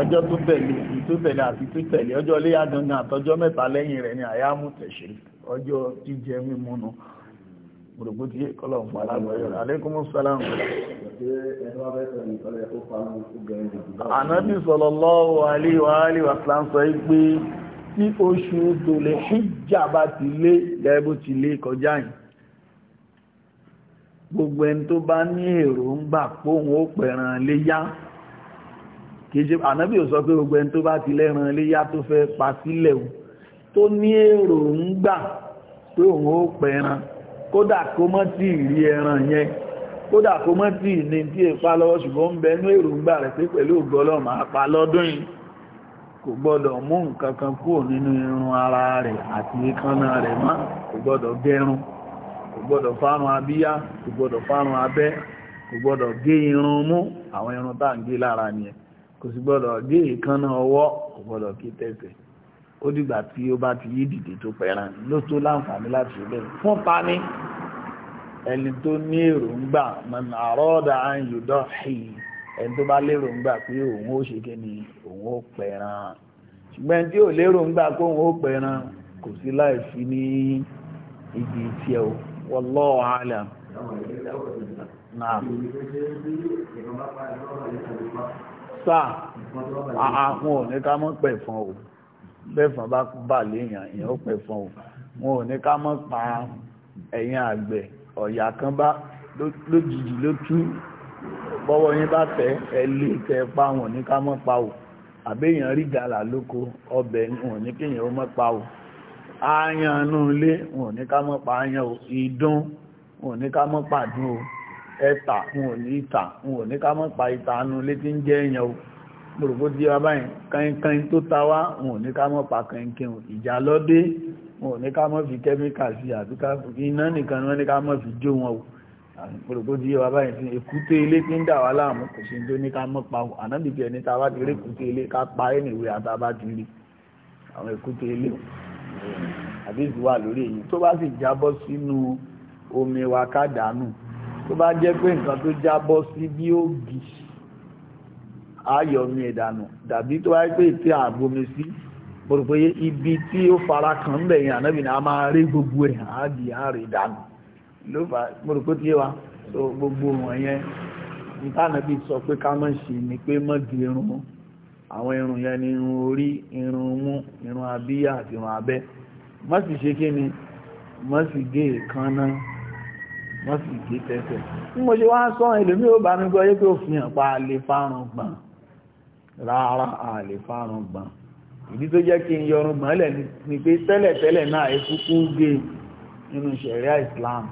ọjọ́ tó tẹ̀lé tó tẹ̀lé àti tó tẹ̀lé ọjọ́ iléyá gangan àtọjọ́ mẹ́ta lẹ́yìn rẹ̀ ni àyámú tẹ̀ṣe ọjọ́ tí kọ́lọ̀ ń pàlá lọ́yọ̀ alékúmú tí oṣù ti lé ti lé gbogbo ẹni tó bá ní èrò ń gbà ó pẹ̀ràn yá. kìí ṣe ànábì ò sọ pé gbogbo ẹni tó bá ti lẹ́ran iléyá tó fẹ́ pa sílẹ̀ o tó ní èrò ń gbà pé òun ó pẹran kódà kó mọ́ tí ì rí ẹran yẹn kódà kó mọ́ tí ì ní tí èpa lọ́wọ́ ṣùgbọ́n ń bẹnú èrò ń gbà rẹ̀ pé pẹ̀lú ògo Ọlọ́run pa lọ́dún yìí kò gbọ́dọ̀ mú nǹkan kan kúrò nínú irun ara rẹ̀ àti èékánná rẹ̀ mọ́ kò gbọ́dọ̀ gẹrun kò gbọ́dọ̀ fárun abíyá kò gbọ́dọ̀ fárun abẹ́ kò gbọ́dọ̀ gé irun mú àwọn irun tá à ń gé lára nìyẹn kò sì gbọ́dọ̀ gé èékánná ọwọ́ kò kí tẹ̀sẹ̀ ó dìgbà tí ó bá ti yí dìde tó pẹ̀ran ló tó láǹfààní láti ṣe bẹ́ẹ̀ fún tani ẹni tó ní èròǹgbà mọ̀nà àrọ́ọ̀dà ayùdọ̀ ẹni tó bá léròǹgbà pé òun ó ṣe kí ni òun ó pẹ̀ran ṣùgbọ́n tí sáà àwọn ò ní ká mọ́ pẹ̀fọn o bẹ́fọn bá bà léèyàn èèyàn ó pẹ̀fọn o wọn ò ní ká mọ́ pa ẹ̀yìn àgbẹ̀ ọ̀yà kan bá lójijì ló tú bọ́wọ́ yín bá tẹ̀ ẹ lé tẹ pa wọn ò ká mọ́ pa o àbẹ́yàn rí gàlà lóko ọbẹ̀ wọn ò kéèyàn ó mọ́ pa o aáyán inú ilé wọn ò ní ká mọ́ pa aáyán o ìdun wọn ò ní ká mọ́ pàdún o ẹta wọn ò ní ìta wọn ò ní ká mọ́ pa ìta nu létí ń jẹ́ èèyàn o gbòrògbò tí wá báyìí kankan tó ta wá wọn ò ní ká mọ́ pa kankan ìjà lọ́dé wọn ò ní ká mọ́ fi kẹ́míkà sí àbí ká iná nìkan ni wọ́n ní ká mọ́ fi jó wọn o gbòrògbò tí wá báyìí sí èkúté ilé tí ń dà wá láàmú kò sí tó ní ká mọ́ pa wọn ànábìbí ẹni tá a bá ti rí èkúté ilé ká pa ẹnìwé àtàbá ti rí àwọn èkúté ilé o àbí ìwà lórí èyí tó bá sì jábọ́ sínú omi wa ká dànù tó bá jẹ́ pé nǹkan tó jábọ́ sí bí ògì ayọ̀mí ìdànù dàbí tó wáyé pé tí àbomi sí ibi tí ó fara kan ń bẹ̀yìn ànábì a máa rí gbogbo ẹ̀ àádìí àárín ìdànù ló fà tí wa so gbogbo wọ̀nyẹn sọ pé ká ni pé di irun àwọn irun yẹn ni irun orí irun mú irun abíyá àti irun wọ́n sì gbé tẹ́sẹ̀ ń mo ṣe wá sọ ẹlòmí ò bá mi gbọ́ yé pé ó fi pa àlè fárun gbọ̀n rárá àlè fárun gbọ̀n ìdí tó jẹ́ kí n yọrun gbọ̀n lẹ̀ ni pé tẹ́lẹ̀tẹ́lẹ̀ náà ẹkúkú gé nínú ṣẹ̀ríà Islam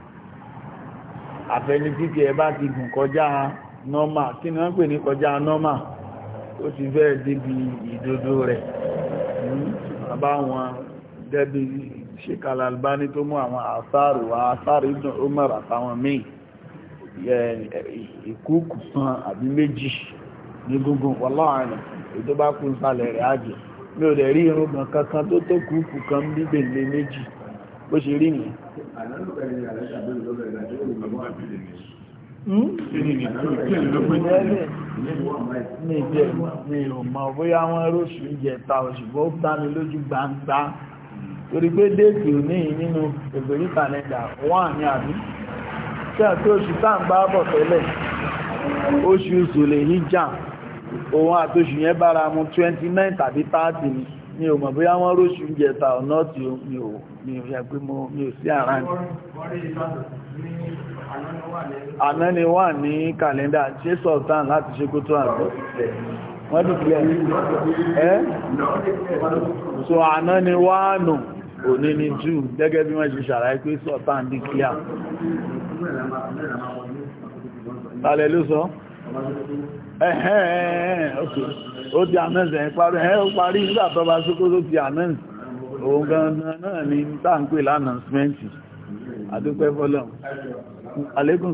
àfẹnití ẹ bá ti gùn kọjá nọ́mà kí ni wọ́n pè ní kọjá nọ́mà ó ti fẹ́ débi ìdodo rẹ̀ hmm? bá wọn débi Sheikh Al-Albani tó mú àwọn àsáàrù wa àsáàrù Ibn Umar àtàwọn míì ìkúùkù kan àbí méjì ní gúngún wọláàrin ètò bá kú ìsàlẹ̀ rẹ̀ àjẹ́ mi ò dẹ̀ rí irúgbọ̀n kankan tó tó kúùkù kan bíbẹ̀ lé méjì bó ṣe rí nìyẹn hmm? mi ò mọ̀ bóyá wọ́n róṣù ìjẹta òṣùgbọ́n ó dá mi lójú gbangba torí pé déètì ò ní yìí nínú ìgbèrí kàlẹ́ndà wọ́n ní àbí tí a tí oṣù tá ń bá tẹ́lẹ̀ oṣù sòlè níjà òun àtoṣù yẹn bára mu 29 tàbí 30 ni mi ò mọ̀ bóyá wọ́n róṣù ń jẹta ọ̀nà tí mi mi ò yẹ pé mi ò sí ara ní àná ni wà ní kàlẹ́ndà ṣe sọ̀tàn láti ṣe kó tó àgbọ̀ wọ́n dùn ẹ́ so àná ni wà nù òní ni jù gẹ́gẹ́ bí wọ́n ṣe ṣàlàyé pé sọ́tàn dí kíá tààlẹ̀ ló sọ ẹ̀hẹ́ẹ̀ẹ́ ó ti àmẹ́sẹ̀ ń parí ẹ̀ ó parí nígbà tó bá sókóso ti àmẹ́sẹ̀ òun gangan náà ni táǹpé lánàásmẹ́ntì àdúpẹ́ fọ́lọ́m alékùn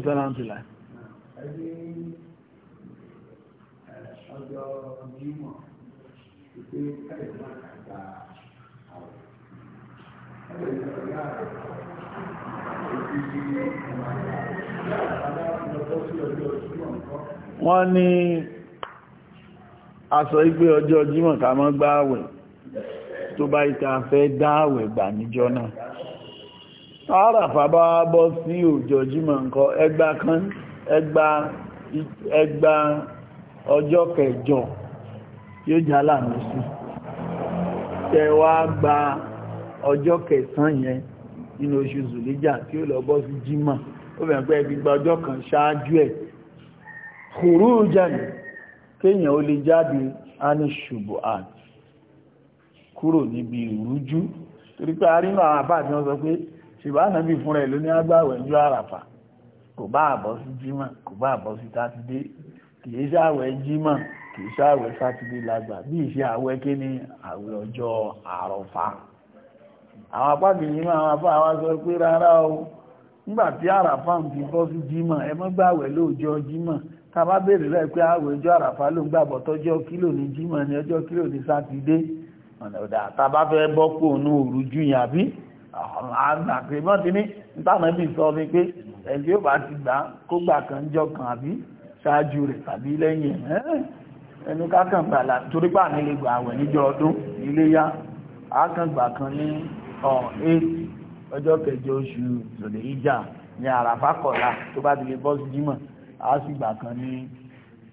wọ́n ní aṣọ ìgbé ọjọ́ jímọ̀ ká mọ́ gbáwẹ̀ tó bá ìta fẹ́ dáwẹ̀ gbà níjọ́ náà àràfà bá bọ́ sí ọjọ́ jímọ̀ nǹkan ẹgbà kan ẹgbà ọjọ́ kẹjọ yóò jálà mú sí tẹwàá ọjọ́ kẹsàn-án yẹn nínú oṣù zùlíjà tí ó lọ bọ́ sí jímà ó bẹ̀rẹ̀ pé ẹbí gba ọjọ́ kan ṣáájú ẹ̀ kòrò jáde kéèyàn ó lè jáde á ní ṣùgbò àt kúrò níbi ìrújú torí pé a rínú àwọn àbáàdì wọn sọ pé ṣùgbọ́n ànábì fúnra ẹ̀ ló ní agbáwẹ̀ ńjọ́ àràfà kò bá àbọ̀ sí jímà kò bá àbọ̀ sí sátidé kìí ṣàwẹ̀ jímà kìí ṣàwẹ̀ sátidé lágbà bí ìṣe àwẹ̀ kí ni ọjọ́ àrọ̀fà àwọn apá kìíní máa àwọn apá àwọn sọ pé rárá o nígbà tí àràfà ń fi bọ́ sí jímọ̀ ẹ mọ́ gbàwẹ̀ lóòjọ́ jímọ̀ tá a bá béèrè lẹ́ẹ̀ pé àwẹ̀ ọjọ́ àràfà ló ń gbàbọ̀ tọ́jọ́ kílò ní jímọ̀ ní ọjọ́ kílò ní sátidé ọ̀nà ọ̀dà tá a bá fẹ́ bọ́ pò ní òru jù yàn àbí àgbàpè mọ́ ti ní nítànà bí sọ ni pé ẹni tí ó bá ti gbà kó gbà kan jọ kan àbí ṣáájú rẹ̀ tàbí lẹ́yìn ẹ̀ ẹnu kákàngbà torípà nílé ní eight ọjọ́ kẹjọ oṣù lòdì ìjà ní àràfà kọ̀ọ̀la tó bá ti lè bọ́ sí jímọ̀ á sì gbà kan ní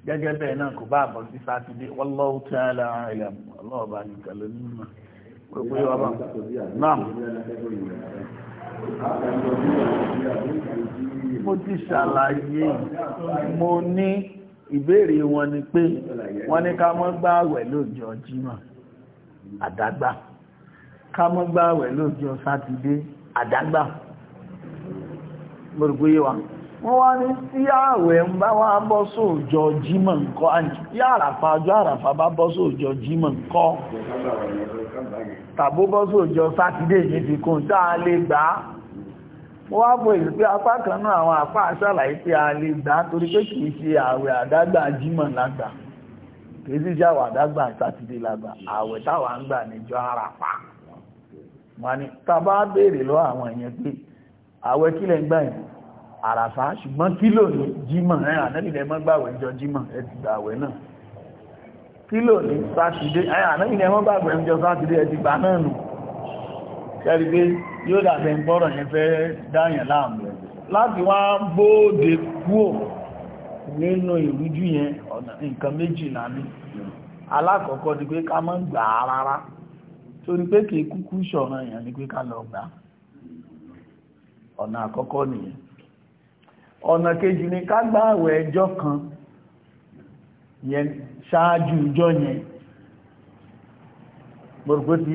gẹ́gẹ́ bẹ́ẹ̀ náà kò bá bọ́ sí sátidé wallahu ta'ala a'lam ọlọ́wọ́ bá nìkan ló ní mọ̀ pé wọ́n bá náà. mo ti ṣàlàyé mo ní ìbéèrè wọn ni pé wọ́n ní ká mọ́ gbààwẹ̀ lọ́jọ́ jímọ̀ àdágbà kámọ́gbàwẹ̀ lóòjọ́ sátidé àdágbà gbogbo yíwa wọ́n wá ní tí ààwẹ̀ ń bá wá bọ́ sóòjọ́ jímọ̀ ńkọ́ yá àràfà ọjọ́ àràfà bá bọ́ sóòjọ́ jímọ̀ ńkọ́ tàbó bọ́ sóòjọ́ sátidé ní fi kún tá a lè gbà á wọ́n wá bọ̀ èyí pé apá kan náà àwọn apá àṣàlàyé pé a lè gbà á torí pé kìí ṣe ààwẹ̀ àdágbà jímọ̀ lágbà kìí sì ṣàwọ̀ àdágbà sátidé lágbà ààwẹ̀ táwa ń gbà níjọ́ àràfà wọ́n ní tàbá béèrè lọ àwọn èèyàn pé àwẹ̀ kí lẹ ń gbà yìí àràfà ṣùgbọ́n kí ló ní jímọ̀ ẹ̀ ànẹ́bìnrin ẹmọ́ gbàwẹ̀ ìjọ jímọ̀ ẹ ti gbàwẹ̀ náà kí ló ní sátidé ẹ̀ ànẹ́bìnrin ẹmọ́ gbàwẹ̀ ìjọ sátidé ẹ ti gbà náà nù kẹ́rì pé yóò dàbẹ̀ ń bọ́rọ̀ yẹn fẹ́ dáyàn láàmù láti wá bóòdè kúò nínú ìrújú yẹn nǹkan méjì náà ní alákọ̀ọ́kọ́ ni pé ká má gbà á rárá torí pé kìí kúkú ṣọ̀rọ̀ èèyàn ní pé ká lọ gbà ọ̀nà àkọ́kọ́ nìyẹn ọ̀nà kejì ni ká àwẹ̀ ẹjọ́ kan yẹn ṣáájú ìjọ yẹn gbogbo tí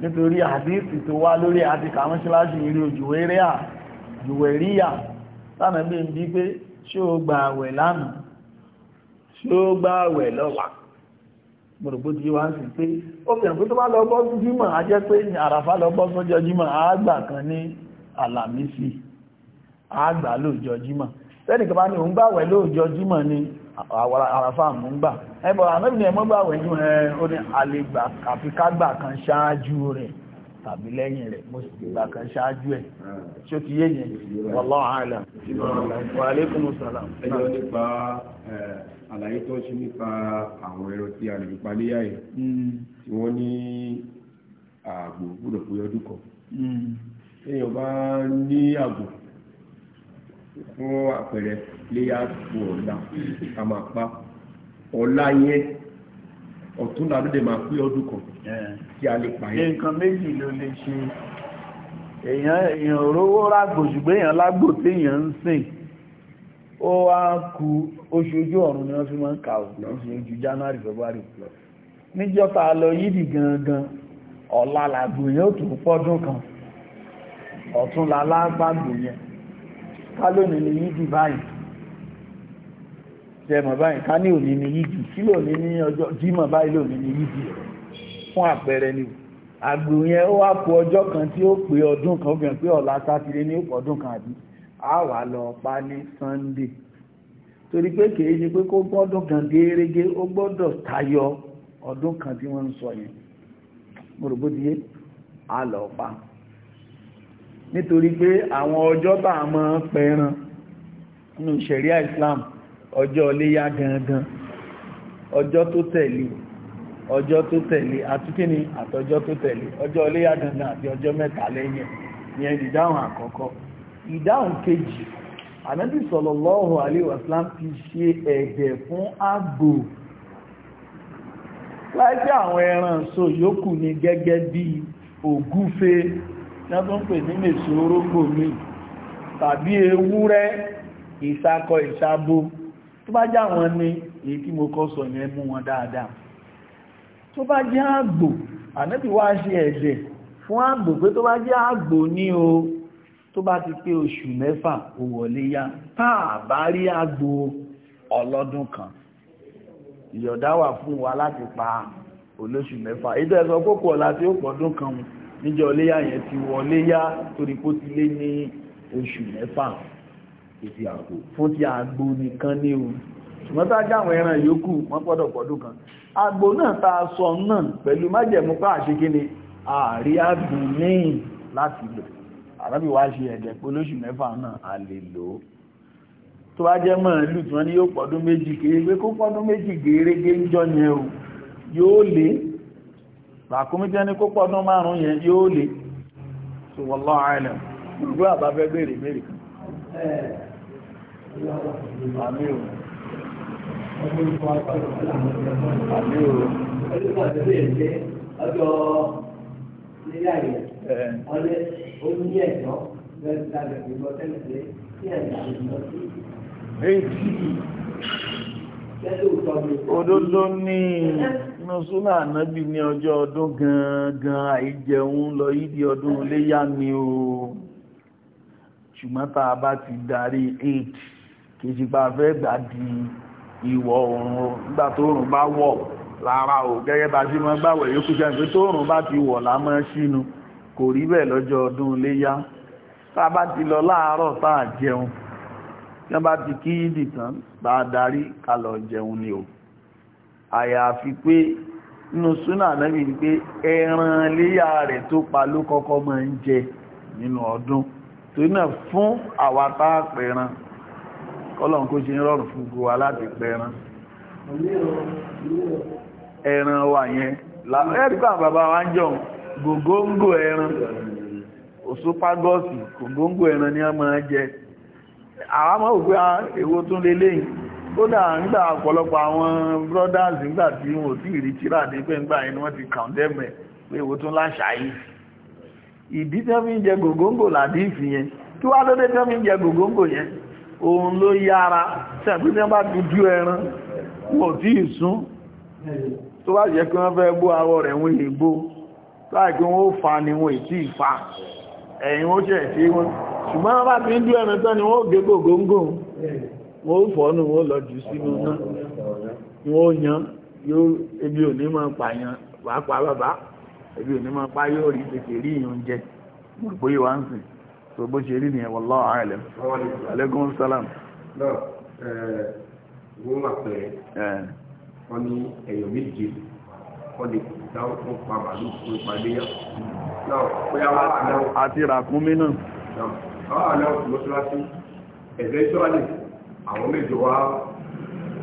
nítorí àdíìsì tó wá lórí àti kàmọ́ṣíláṣì ìrí òjùwẹ̀ríyà tánàbí ń bí pé ṣé gba àwẹ̀ lánàá gba àwẹ̀ gbogbo tí wá ń sì pé ó fi ẹ̀kú tó bá lọ bọ́sún jímọ̀ a jẹ́ pé ní àràfà lọ bọ́sún jọ jímọ̀ àágbà kan ní àlàmísì àágbà lóòjọ́ jímọ̀ tẹ́nìkan bá ní òun gbàwẹ̀ lóòjọ́ jímọ̀ ní àràfà mú gbà ẹbọ̀ àmẹ́bìnrin ẹmọ́ gbàwẹ̀ ní ó àlàyé tó ṣe nípa àwọn ẹran tí a lè pa léyà yìí hmm. tí wọ́n ní àgbò gbọ́dọ̀ pé ọdún kan èèyàn hmm. bá ní àgbò fún àpẹẹrẹ léyà fún ọ̀la ká máa pa ọ̀la yẹn ọ̀tún làlóde máa pé ọdún eh. tí a lè pa yẹn. nǹkan méjì ló lè ṣe èèyàn èèyàn rówó rágbò ṣùgbọ́n èèyàn lágbò téèyàn ń sìn ó wá kú oṣù ojú ọ̀run ni wọ́n fi máa ń kà ó oṣù ojú january february níjọ́ta lọ yídì gangan ọ̀la làgbò yẹn ó tó pọ́dún kan ọ̀tún lálágbàgbò yẹn ká lónìí ni yídì báyìí jẹmọ̀ báyìí ká ní òní ni yídì kí lónìí ní ọjọ́ jímọ̀ báyìí lónìí ni yídì fún àpẹẹrẹ ni àgbò yẹn ó wá kú ọjọ́ kan tí ó pé ọdún kan ó gbìyànjú pé ọ̀la sátidé ní ó pọ̀ ọdún kan àbí a wà lọ pa ní Sunday torí pé kìí ṣe pé kó gbọ́dọ̀ gan gẹ́rẹ́gẹ́ ó gbọ́dọ̀ tayọ ọdún kan tí wọ́n ń sọ yẹn mo rò bó ti a lọ pa nítorí pé àwọn ọjọ́ tá a máa pẹran nínú ṣẹ̀ríà Islam ọjọ́ iléyá gangan ọjọ́ tó tẹ̀lé ọjọ́ tó tẹ̀lé àtúkíní àtọjọ́ tó tẹ̀lé ọjọ́ iléyá gangan àti ọjọ́ mẹ́ta lẹ́yìn ìyẹn ìdáhùn àkọ́kọ́ ìdáhùn kejì ànábì sallallahu alaihi wasallam ti ṣe ẹ̀dẹ̀ fún àgbò láìsí àwọn ẹran so yòókù ni gẹ́gẹ́ bí ògúfe náà tó ń pè ní mèsò orógbò mi tàbí ewúrẹ́ ìsakọ ìsabo tó bá já wọn ní èyí tí mo kọ́ sọ yẹn mú wọn dáadáa tó bá jẹ́ àgbò ànábì wá ṣe ẹ̀dẹ̀ fún àgbò pé tó bá jẹ́ àgbò ní o tó bá ti pé oṣù mẹ́fà ó wọlé yá táà bá rí àgbò ọlọ́dún kan ìyọ̀dá wà fún wa láti pa olóṣù mẹ́fà ètò ẹ̀sọ́ kókò ọ̀la tí ó pọ̀dún kan níjọ léyà yẹn ti wọlé yá torí kó ti lé ní oṣù mẹ́fà ètì àgbò fún ti àgbò nìkan ní o ṣùgbọ́n tá já ẹran yòókù wọ́n pọ́dọ̀ pọ̀dún kan àgbò náà ta sọ náà pẹ̀lú májẹ̀mú pàṣẹ kíni ààrí àgbò míì láti lò àrábì wá ṣe ẹ̀jẹ̀ pé olóṣù mẹ́fà náà a lè lò ó tó bá jẹ́ mọ́ ìlú tí wọ́n ní yóò pọ̀dún méjì kérégbé kó pọ̀dún méjì gèrègé ń jọ yẹn o yóò lé làkúmítẹ́ ní kó pọ̀dún márùn yẹn yóò lé so wallahu a'lam gbogbo àbáfẹ́ béèrè béèrè kan àmì o àmì o nílẹ̀ ayé ọlẹ́ oní ẹ̀dọ́ bẹ́ẹ̀ ta lè fi lọ tẹ́lẹ̀ pé kí ẹ̀dá lè lọ sí. Òdodo ní inú súnà ànábì ní ọjọ́ ọdún gan àìjẹun lọ ọdún ni o. bá ti darí 8, fẹ́ gbà di ìwọ̀ rárá o gẹ́gẹ́ bá sí mọ́ gbàwẹ̀ yókù jẹ́ pé tóòrùn bá ti wọ̀ lámọ́ sínú kò rí bẹ́ẹ̀ lọ́jọ́ ọdún iléyá tá a bá ti lọ láàárọ̀ tá a jẹun tí wọ́n bá ti kí yídì tán bá a darí ká lọ jẹun ni o àyàfi pé nínú súnà Ànábì ni pé ẹran iléyá rẹ̀ tó pa ló kọ́kọ́ máa ń jẹ nínú ọdún torí náà fún àwa tá a pẹran kọ́lọ́n kó ṣe rọrùn fún gbogbo wa láti pẹran. Thank you ẹran wa yẹn ẹ̀ríkà bàbá wa ń jọun gògóńgò ẹran òsópágọ́ọ̀sì gògóńgò ẹran ni a máa jẹ àwọn ọmọ òpé ah, èwo tún lé lẹ́yìn kódà nígbà ọ̀pọ̀lọpọ̀ àwọn brothers nígbà tí wọ́n ti rí tíra nígbà nígbà yẹn ni wọ́n ti condemn ẹ̀ pé èwo tún láṣà yìí ìdí tí wọ́n fi ń jẹ gògóńgò làdí ìfì yẹn tí wá lóde tí wọ́n fi ń jẹ gògóńgò yẹn òun ló yára ṣàgbéjọba dúdú ẹran wọ́n ò tí ì sún tó bá jẹ́ kí wọ́n fẹ́ gbó awọ rẹ̀ wọ́n lè gbó láìkí wọ́n ó fa ni wọ́n ètí ìfa ẹ̀yìn ó ṣẹ̀ sí wọn ṣùgbọ́n wọ́n bá ti ń dú ẹ̀rọ tán ni wọ́n ó gé gògóńgò wọ́n ó fọ́nù wọ́n lọ jù sínú náà wọ́n ó yan yóò ebi ò ní máa pààyàn pàápàá bàbá ebi ò ní máa pa yóò rí tètè rí ìyànjẹ mo rò pé ìwà ń salam. náà ẹ̀ẹ́ wọ́n máa pẹ̀lẹ́ wọ́n ní ẹ̀yọ̀ méje wọ́n lè dá wọ́n pa màálù fún ìpàdéyà àti ràkúnmí náà àwọn àlẹ́ ọ̀pọ̀ lọ́sílásí ẹ̀fẹ́ ìṣọ́lẹ̀ àwọn mẹ́jọ wá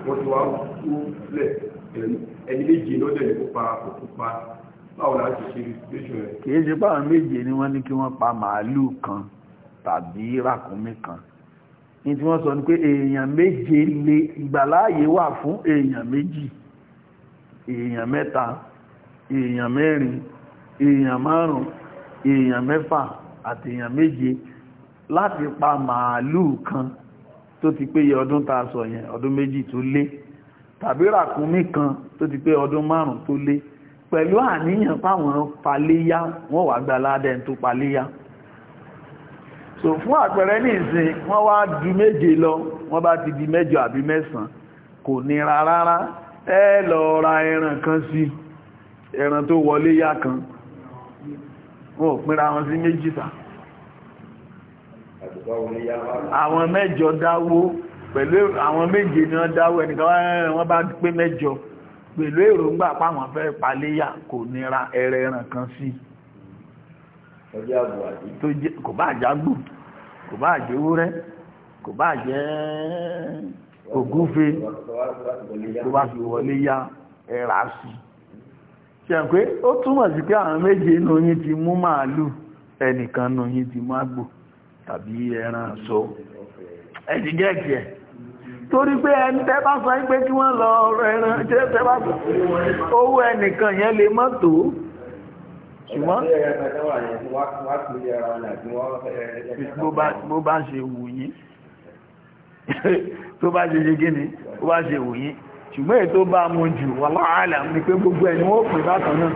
wọ́n ti wá kú lẹ̀ ẹni méje lọ́dẹ̀ ní kópa òkúpa báwo láti ṣe ìṣẹ́ rẹ̀ kìí ṣe báwọn méje ni wọ́n ní kí wọ́n pa màálù kan tàbí ràkúnmí kan ní tí wọ́n sọ ní pé èèyàn méje lè ìgbàláàyè wà fún èèyàn méjì èèyàn mẹ́ta èèyàn mẹ́rin èèyàn márùn èèyàn mẹ́fà àti èèyàn méje láti pa màálùú kan tó ti pé ọdún tá a sọ yẹn ọdún méjì tó lé tàbí ràkúnmí kan tó ti pé ọdún márùn tó lé pẹ̀lú àníyàn páwọn paléyá wọ́n wà gba ládẹ́n tó paléyá so fún àpẹẹrẹ ní ìsìn wọ́n wá ju méje lọ wọ́n bá ti di mẹ́jọ àbí mẹ́sàn kò nira rárá ẹ lọ ra ẹran kan sí ẹran tó wọlé yá kan wọn ò pínra wọn sí méjì ta àwọn mẹ́jọ dáwó pẹ̀lú àwọn méje ni wọ́n dáwó ẹnìkan wọ́n bá pé mẹ́jọ pẹ̀lú èròǹgbà páwọn fẹ́ paléyà kò nira ẹran kan sí tó jẹ́ kò bá àjágbò kò bá àjẹ́ ewúrẹ́ kò bá àjẹ́ ògúnfe tó bá fi wọlé yá ẹ̀rà sí ṣẹ̀n pé ó túmọ̀ sí pé àwọn méje inú yín ti mú màálù ẹnìkan inú yín ti mú àgbò tàbí ẹran sọ ẹ̀dì gẹ́ẹ̀kì ẹ̀ torí pé ẹni tẹ́ bá sọ pé kí wọ́n lọ ẹran tẹ́ bá sọ owó ẹnìkan yẹn lè mọ́tò ṣùgbọ́n bó bá ṣe wù yín tó bá ṣe ṣe ni ó bá ṣe wù yín ṣùgbọ́n èyí tó bá mú jù wallahu alam ni pé gbogbo ẹ̀ ni wọ́n pín bákan náà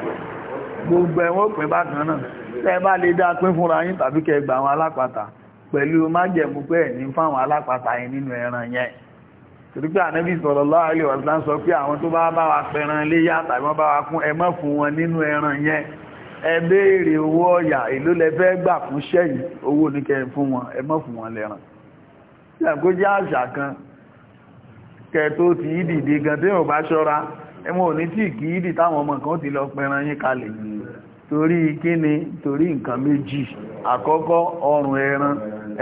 gbogbo ẹ̀ wọ́n pín bákan náà tẹ́ bá lè dá pín fúnra yín tàbí kẹ́ gba àwọn alápatà pẹ̀lú májẹ̀mú pé ẹ̀ ní fáwọn alápatà yẹn nínú ẹran yẹn torípé ànábì sallallahu alaihi wasallam sọ pé àwọn tó bá bá wa pẹran léyà tàbí wọ́n bá wa kún ẹ má fún wọn nínú ẹran yẹn ẹ béèrè owó ọ̀yà èló lẹ gbà fún ṣẹ́yìn owó oníkẹyìn fún wọn ẹ fún wọn lẹ́ran kó jẹ́ àṣà kan kẹ tó ti ìdì ìdì gan tí yóò bá ṣọ́ra ẹmọ òní tí kì í dì táwọn ọmọ kan ti lọ pẹran yín kalẹ̀ torí kíni torí nǹkan méjì àkọ́kọ́ ọrùn ẹran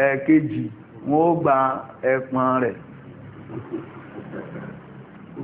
ẹ̀ẹ̀kejì wọ́n gba ẹpọn rẹ̀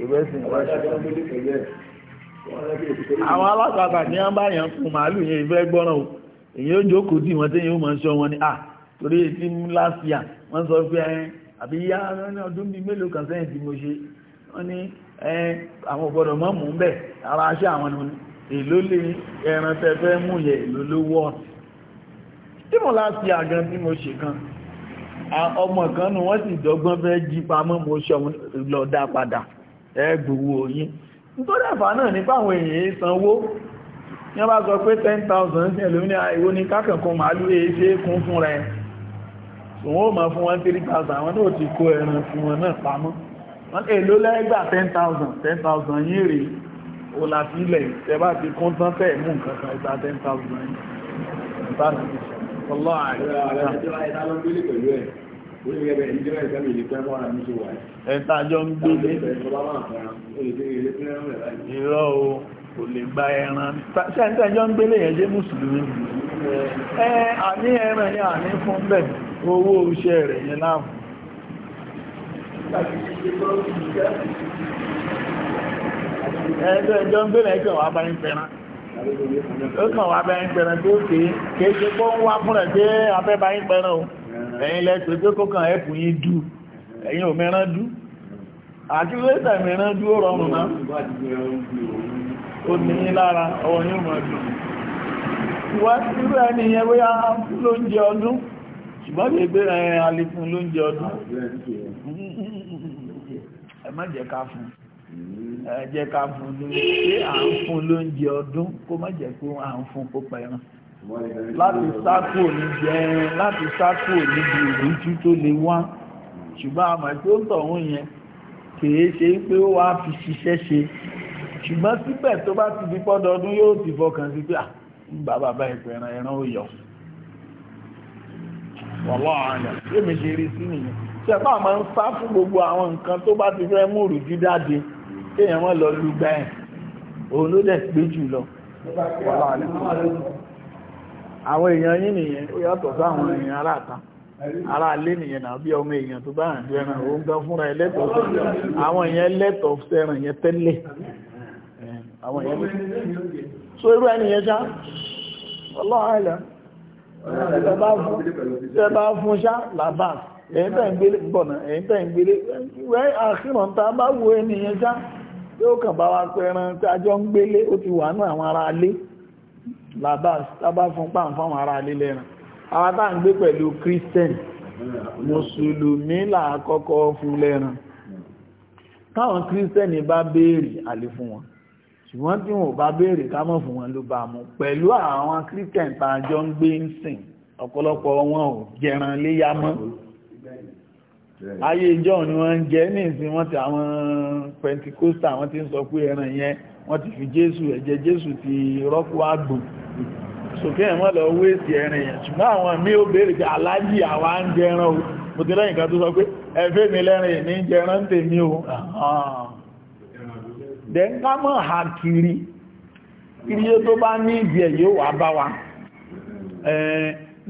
ìwẹ́sìn àwọn alágbàgbà ní wọ́n bá yàn fún màálù yẹn ìfẹ́ gbọ́ràn o èyí ó jókòó dì wọ́n tí yóò máa ṣọ́ wọn ni à torí etí last year wọ́n sọ pé ẹ àbí yá ọdún bíi mélòó kan sẹ́yìn tí mo ṣe wọ́n ní àwọn gbọ́dọ̀ mọ́ mú bẹ́ẹ̀ ara aṣẹ́ àwọn ni èló lè ẹran tẹ́fẹ́ mú yẹ èló ló wọ́ tí mo last gan tí mo ṣe kan ọmọ kan nu wọ́n sì dọ́gbọ́n fẹ́ jí pamọ́ mo ṣọ́ lọ dá padà ẹgbòwò yín nítorí ẹ̀fà náà nípa àwọn èèyàn sanwó ní wọ́n bá sọ pé 10,000 sí ẹlòmínà ìwó ní kákànkún màálù èéṣe kún fún rẹ̀ wọ́n ma fún wọn 3,000 àwọn náà ti kó ẹran fún wọn náà pamọ́ wọ́n èlò lẹ́gbà 10,000 10,000 yìí rèé o la fi ilẹ̀ tẹ́bá ti kún tán tẹ́ mú nǹkan kan ìgbà 10,000 yìí ẹ̀ta jọ ń gbé ìrọ̀ o kò lè gba ẹran ṣẹ́ntẹ́ jọ ń gbé lè yẹn jẹ́ mùsùlùmí ẹ àní ẹran yẹn àní fún bẹ̀ owó iṣẹ́ rẹ̀ yẹn láàmù ẹ̀ẹ́dẹ́ jọ ń gbé lè kàn wá bá ń pẹran ó kàn wá bá ń pẹran tó kéé kéé ṣe pọ́ ń wá fún rẹ̀ pé abẹ́ bá ń pẹran o ẹ̀yin lẹ́pẹ̀ pé kó kàn ẹ̀pù yín dú ẹ̀yin ò dú àti lẹ́tà mẹ́ràn dú ó rọrùn náà ó ní lára ọwọ́ yóò mọ̀ dùn wá sírú ẹni yẹn bóyá lóúnjẹ ọdún ṣùgbọ́n lè gbé ẹ̀ lóúnjẹ ọdún ẹ má jẹ́ ká fún ẹ jẹ́ ká fún lóúnjẹ ọdún kó má jẹ́ pé à ń fún kó pẹ̀ràn láti sá kúrò níbi ẹran láti sá kúrò níbi ìrújú tó lè wá ṣùgbọ́n àmọ́ tí ó ń tọ̀hún yẹn kìí ṣe pé ó wá fi ṣiṣẹ́ ṣe ṣùgbọ́n síbẹ̀ tó bá ti di pọ́dọọdún yóò ti fọkàn sí pé àgbà bàbá ìpẹ̀ ẹran ẹran ó yọ wọ́lọ́ àyàn tí èmi ṣe rí sí nìyẹn ṣẹ̀fà máa ń sá fún gbogbo àwọn nǹkan tó bá ti fẹ́ mú ìrújú jáde kéèyàn wọn lọ lùgbà ẹ̀ òun ló dẹ̀ gbé jù lọ wọ́lọ́ àyàn àwọn èèyàn yín nìyẹn ó yàtọ̀ sáwọn èèyàn aláta ara alé náà bí ọmọ èèyàn tó bá ẹran ó ń fúnra àwọn èèyàn lẹ́tọ̀ọ́ sẹ́ran yẹn tẹ́lẹ̀ àwọn èèyàn so irú ẹni ṣá bá fún ṣá làbá ń gbélé bọ̀nà ń gbélé lábá fún pàǹfàwọn ará alélẹ́ran àwọn tá ń gbé pẹ̀lú Christian mùsùlùmí làákọ́kọ́ fún lẹ́ran táwọn Christian bá béèrè àlè fún wọn ṣùgbọ́n tí wọn ò bá béèrè ká mọ̀ fún wọn ló bá mú pẹ̀lú àwọn Christian tá a jọ ń gbé ń sìn ọ̀pọ̀lọpọ̀ wọn ò jẹran léyá mọ́ ayé ìjọ ni wọ́n ń jẹ ní ìsìn wọ́n ti àwọn Pentecostal wọ́n ti ń sọ pé ẹran yẹn wọ́n ti fi Jésù ẹ̀jẹ̀ Jésù ti rọ́pò àgbò sókè ẹ̀mọ́ lọ wéèsì ẹ̀rin yẹn ṣùgbọ́n àwọn mí ó béèrè pé aláàjì àwa ń jẹran o mo ti lẹ́yìn kan tó sọ pé ẹ̀fẹ́ mi lẹ́rin ní jẹran ń tèmi o dẹ̀ ń ká mọ̀ ha kiri kiri yóò tó bá ní ìdí ẹ̀ yóò wá bá wa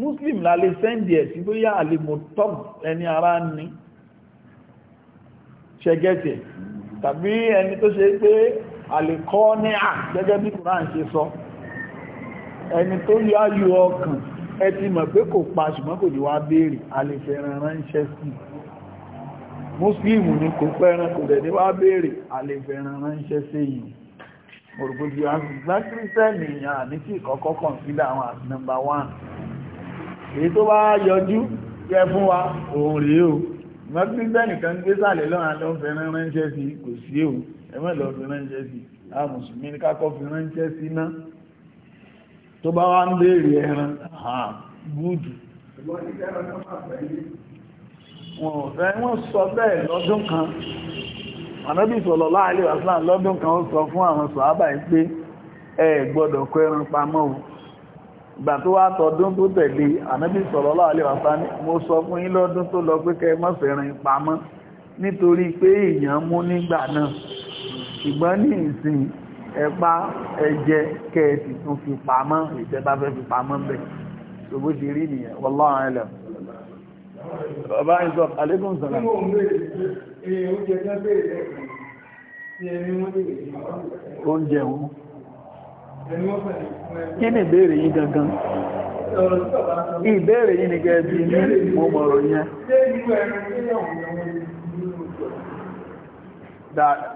muslim la lè sẹ́ndì ẹ̀ sí bóyá àlèmọ̀tọ́ ẹni ara ní ṣẹgẹ́tẹ̀ tàbí ẹni tó ṣe pé àlèkọ́ ní à gẹ́gẹ́ bí Kùránì ṣe sọ ẹni tó yá ayò ọkàn ẹ ti mọ̀ pé kò pa ṣùgbọ́n kò ní wá béèrè alẹ́fẹ́ran ránṣẹ́ sí mùsùlùmù ni kò pẹ́ran kò dẹ̀ ní wá béèrè alẹ́fẹ́ran ránṣẹ́ sí yìí òrùgbòjì àgbà kírísẹ́nì èèyàn àní tí ìkọ́kọ́ kàn sílẹ̀ àwọn àti nọmba wán èyí tó bá yọjú yẹ fún wa òun rèé o ìmọ̀ kírísẹ́nì kan gbé sàlẹ̀ lọ́rùn alọ́fẹ́ran ránṣẹ́ sí kò sí o ẹ̀mọ́ ìlọ́fẹ́ ránṣẹ́ sí àwọn mùsùlùmí ní kákọ́ fi ránṣẹ́ sí náà tó bá wá ń béèrè ẹran gúdù wọn ò fẹ́ wọ́n sọ bẹ́ẹ̀ lọ́dún kan ànábì sọ̀lọ̀ láàrin wàsílà lọ́dún kan ó sọ fún àwọn sọ̀hábà pé ẹ gbọ́dọ̀ kó ẹran pamọ́ o ìgbà tó wá tọdún tó tẹ̀lé ànábì sọ̀lọ̀ láàrin wàsílà mo sọ fún yín lọ́dún tó lọ pé kẹ má ṣe pamọ́ nítorí pé èèyàn mú nígbà náà ṣùgbọ́n ní ìsìn ẹ̀pá ẹ̀jẹ kẹ́ẹ̀sì tún fi pamọ́ ìtẹ́bá fẹ́ fi pamọ́ bẹ̀ tó bó ṣe rí nìyẹn wallahu alam bàbá ìsọ àlékún sọ̀rọ̀ oúnjẹ wọn kí ni ìbéèrè yín gangan ìbéèrè yín ni gẹ́ẹ̀bí ní mo yẹn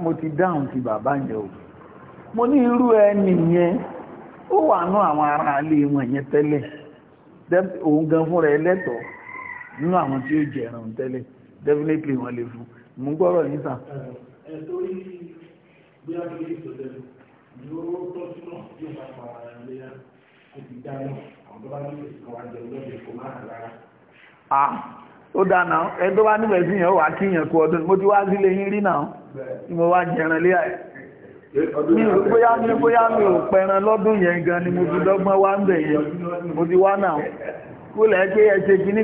mo ti dáhùn ti bàbá yẹn mo ní irú ẹni yẹn ó wà ní àwọn ará alé wọn yẹn tẹ́lẹ̀ òun gan fún rẹ̀ lẹ́tọ̀ọ́ nínú àwọn tí ó jẹ ẹ̀ràn tẹ́lẹ̀ definitely wọ́n lè fún mú gbọ́rọ̀ yìí sàn. ó dáná ẹgbẹ́ wá níbẹ̀ sí yẹn ó wà kíyàn kú ọdún mo ti wá sílé yín rí náà mo wá lé àìsàn mi ya bóyá mi bóyá mi ò pẹran lọ́dún yẹn gan ni mo ti dọ́gbọ́n wá ń bẹ̀ yẹn mo ti wá náà pé ẹ ṣe tí ó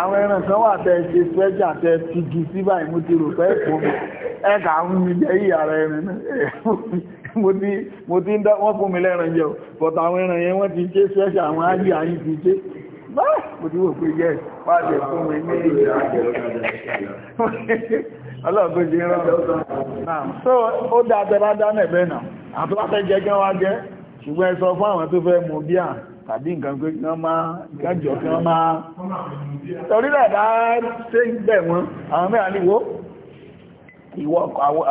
àwọn ẹran kan wà tẹ ṣe fẹ́jà tẹ ti sí báyìí mo ti rò mọ̀ ẹ kà ń mi jẹ́ yìí ara ẹran mo ti mo ti ń dá wọ́n fún mi lẹ́ran jẹ o but àwọn ẹran yẹn wọ́n ti ṣe fẹ́jà àwọn ayé ayé ti ṣe báyìí mo ti wò pé yẹ pàṣẹ fún mi ní ọlọ́gbẹ́jì so ó dá abẹ́rádá nẹ̀bẹ́ náà àtúwátẹ́ jẹ́gẹ́ wá jẹ́ ṣùgbọ́n ẹ sọ fún àwọn tó fẹ́ mú bíà tàbí nǹkan pé kí wọ́n máa gájọ kí wọ́n máa torílẹ̀ bá ṣe ń bẹ̀ wọ́n àwọn mẹ́ra níwó ìwọ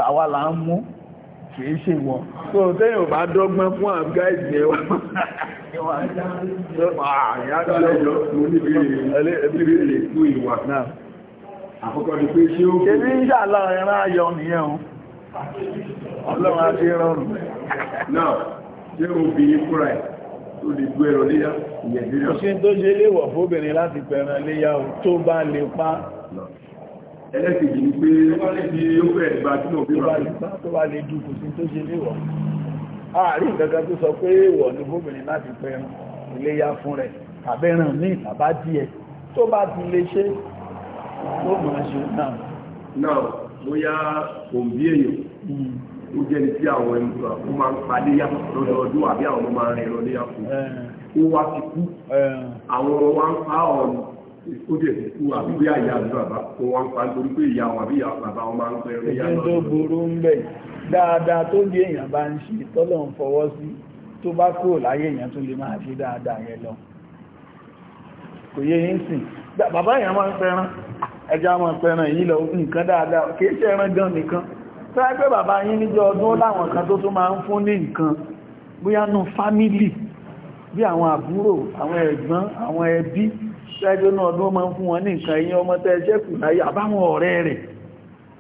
àwa là ń mú kìí ṣe wọn so tẹ́yìn ò bá dọ́gbọ́n fún àgbá ìgbẹ̀ wọn àkọ́kọ́ ni pé ṣe ó kò ní ìṣàlá ẹran ayọ̀ nìyẹn o ọlọ́run á ti rọrùn náà ṣe obìnrin fúnra ẹ̀ tó lè gbé ẹ̀rọ léyà ìyẹ̀dínà ó ṣe tó ṣe léwọ̀ fóbìnrin láti pẹ̀ran léyà o tó bá lè pa ẹlẹ́kejì ni pé bí ó fẹ́ ìgbà tí mo bí rà tó bá lè dúkù sí tó ṣe léwọ̀ àárín ìgbẹ́gbẹ́ tó sọ pé èèwọ̀ ni fóbìnrin láti pẹ̀ran iléyà fún rẹ̀ tàbẹ́ràn ní ìtàbá díẹ̀ tó bá ti lè ṣe ó mọ̀ náà. o bóyá òǹbí èèyàn hmm. ó jẹ́ ní tí àwọn ènìyàn ó máa ń padé yá lọ́dọọdún àbí àwọn ọmọ máa ń rìn lọ ní àpò eh. ó wá ti kú eh. àwọn ọmọ wa ń pa ọ̀nà ó dẹ̀ ti kú àbí bàbá ó wá ń pa nítorí pé ìyá àwọn àbí bàbá wọn máa ń pẹ́ ẹ̀rọ burú ń bẹ̀ dáadáa tó bí èèyàn bá ń ṣe tọ́lọ̀ ń fọwọ́ bàbá èèyàn máa ń pẹran ẹja máa pẹran èyí lọ nǹkan dáadáa kìí ṣe ẹran gan nìkan tó ẹgbẹ́ bàbá yín níjọ́ ọdún láwọn kan tó tún máa ń fún ní nǹkan bóyá nù fámílì bí àwọn àbúrò àwọn ẹ̀gbọ́n àwọn ẹbí ṣẹ́jọ́ náà ọdún máa ń fún wọn ní nǹkan ẹ̀yin ọmọ tẹ́ ṣẹ́ kù láyé àbáwọn ọ̀rẹ́ rẹ̀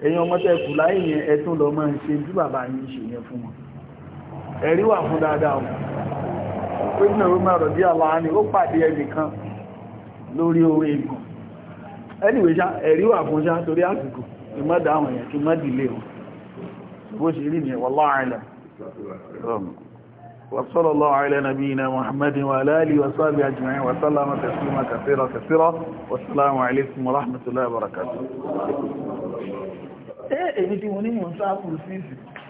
ẹ̀yin ọmọ tẹ́ kù láyé yẹn ẹ̀tún lọ máa ń ṣe bí bàbá yín ṣe yẹn fún wọn ẹ̀rí wà fún dáadáa wọn ó pàdé ẹnìkan lórí orí egun anyway ṣá ẹ̀rí wà fún ṣá torí àsìkò ìmọ́dà àwọn èèyàn kí mọ́dìlé wọn bó ṣe rí ní wallahu a'lam وصلى الله على نبينا محمد وعلى اله وصحبه اجمعين وسلم تسليما كثيرا كثيرا والسلام عليكم ورحمه الله وبركاته ايه ايه دي وني مصاب في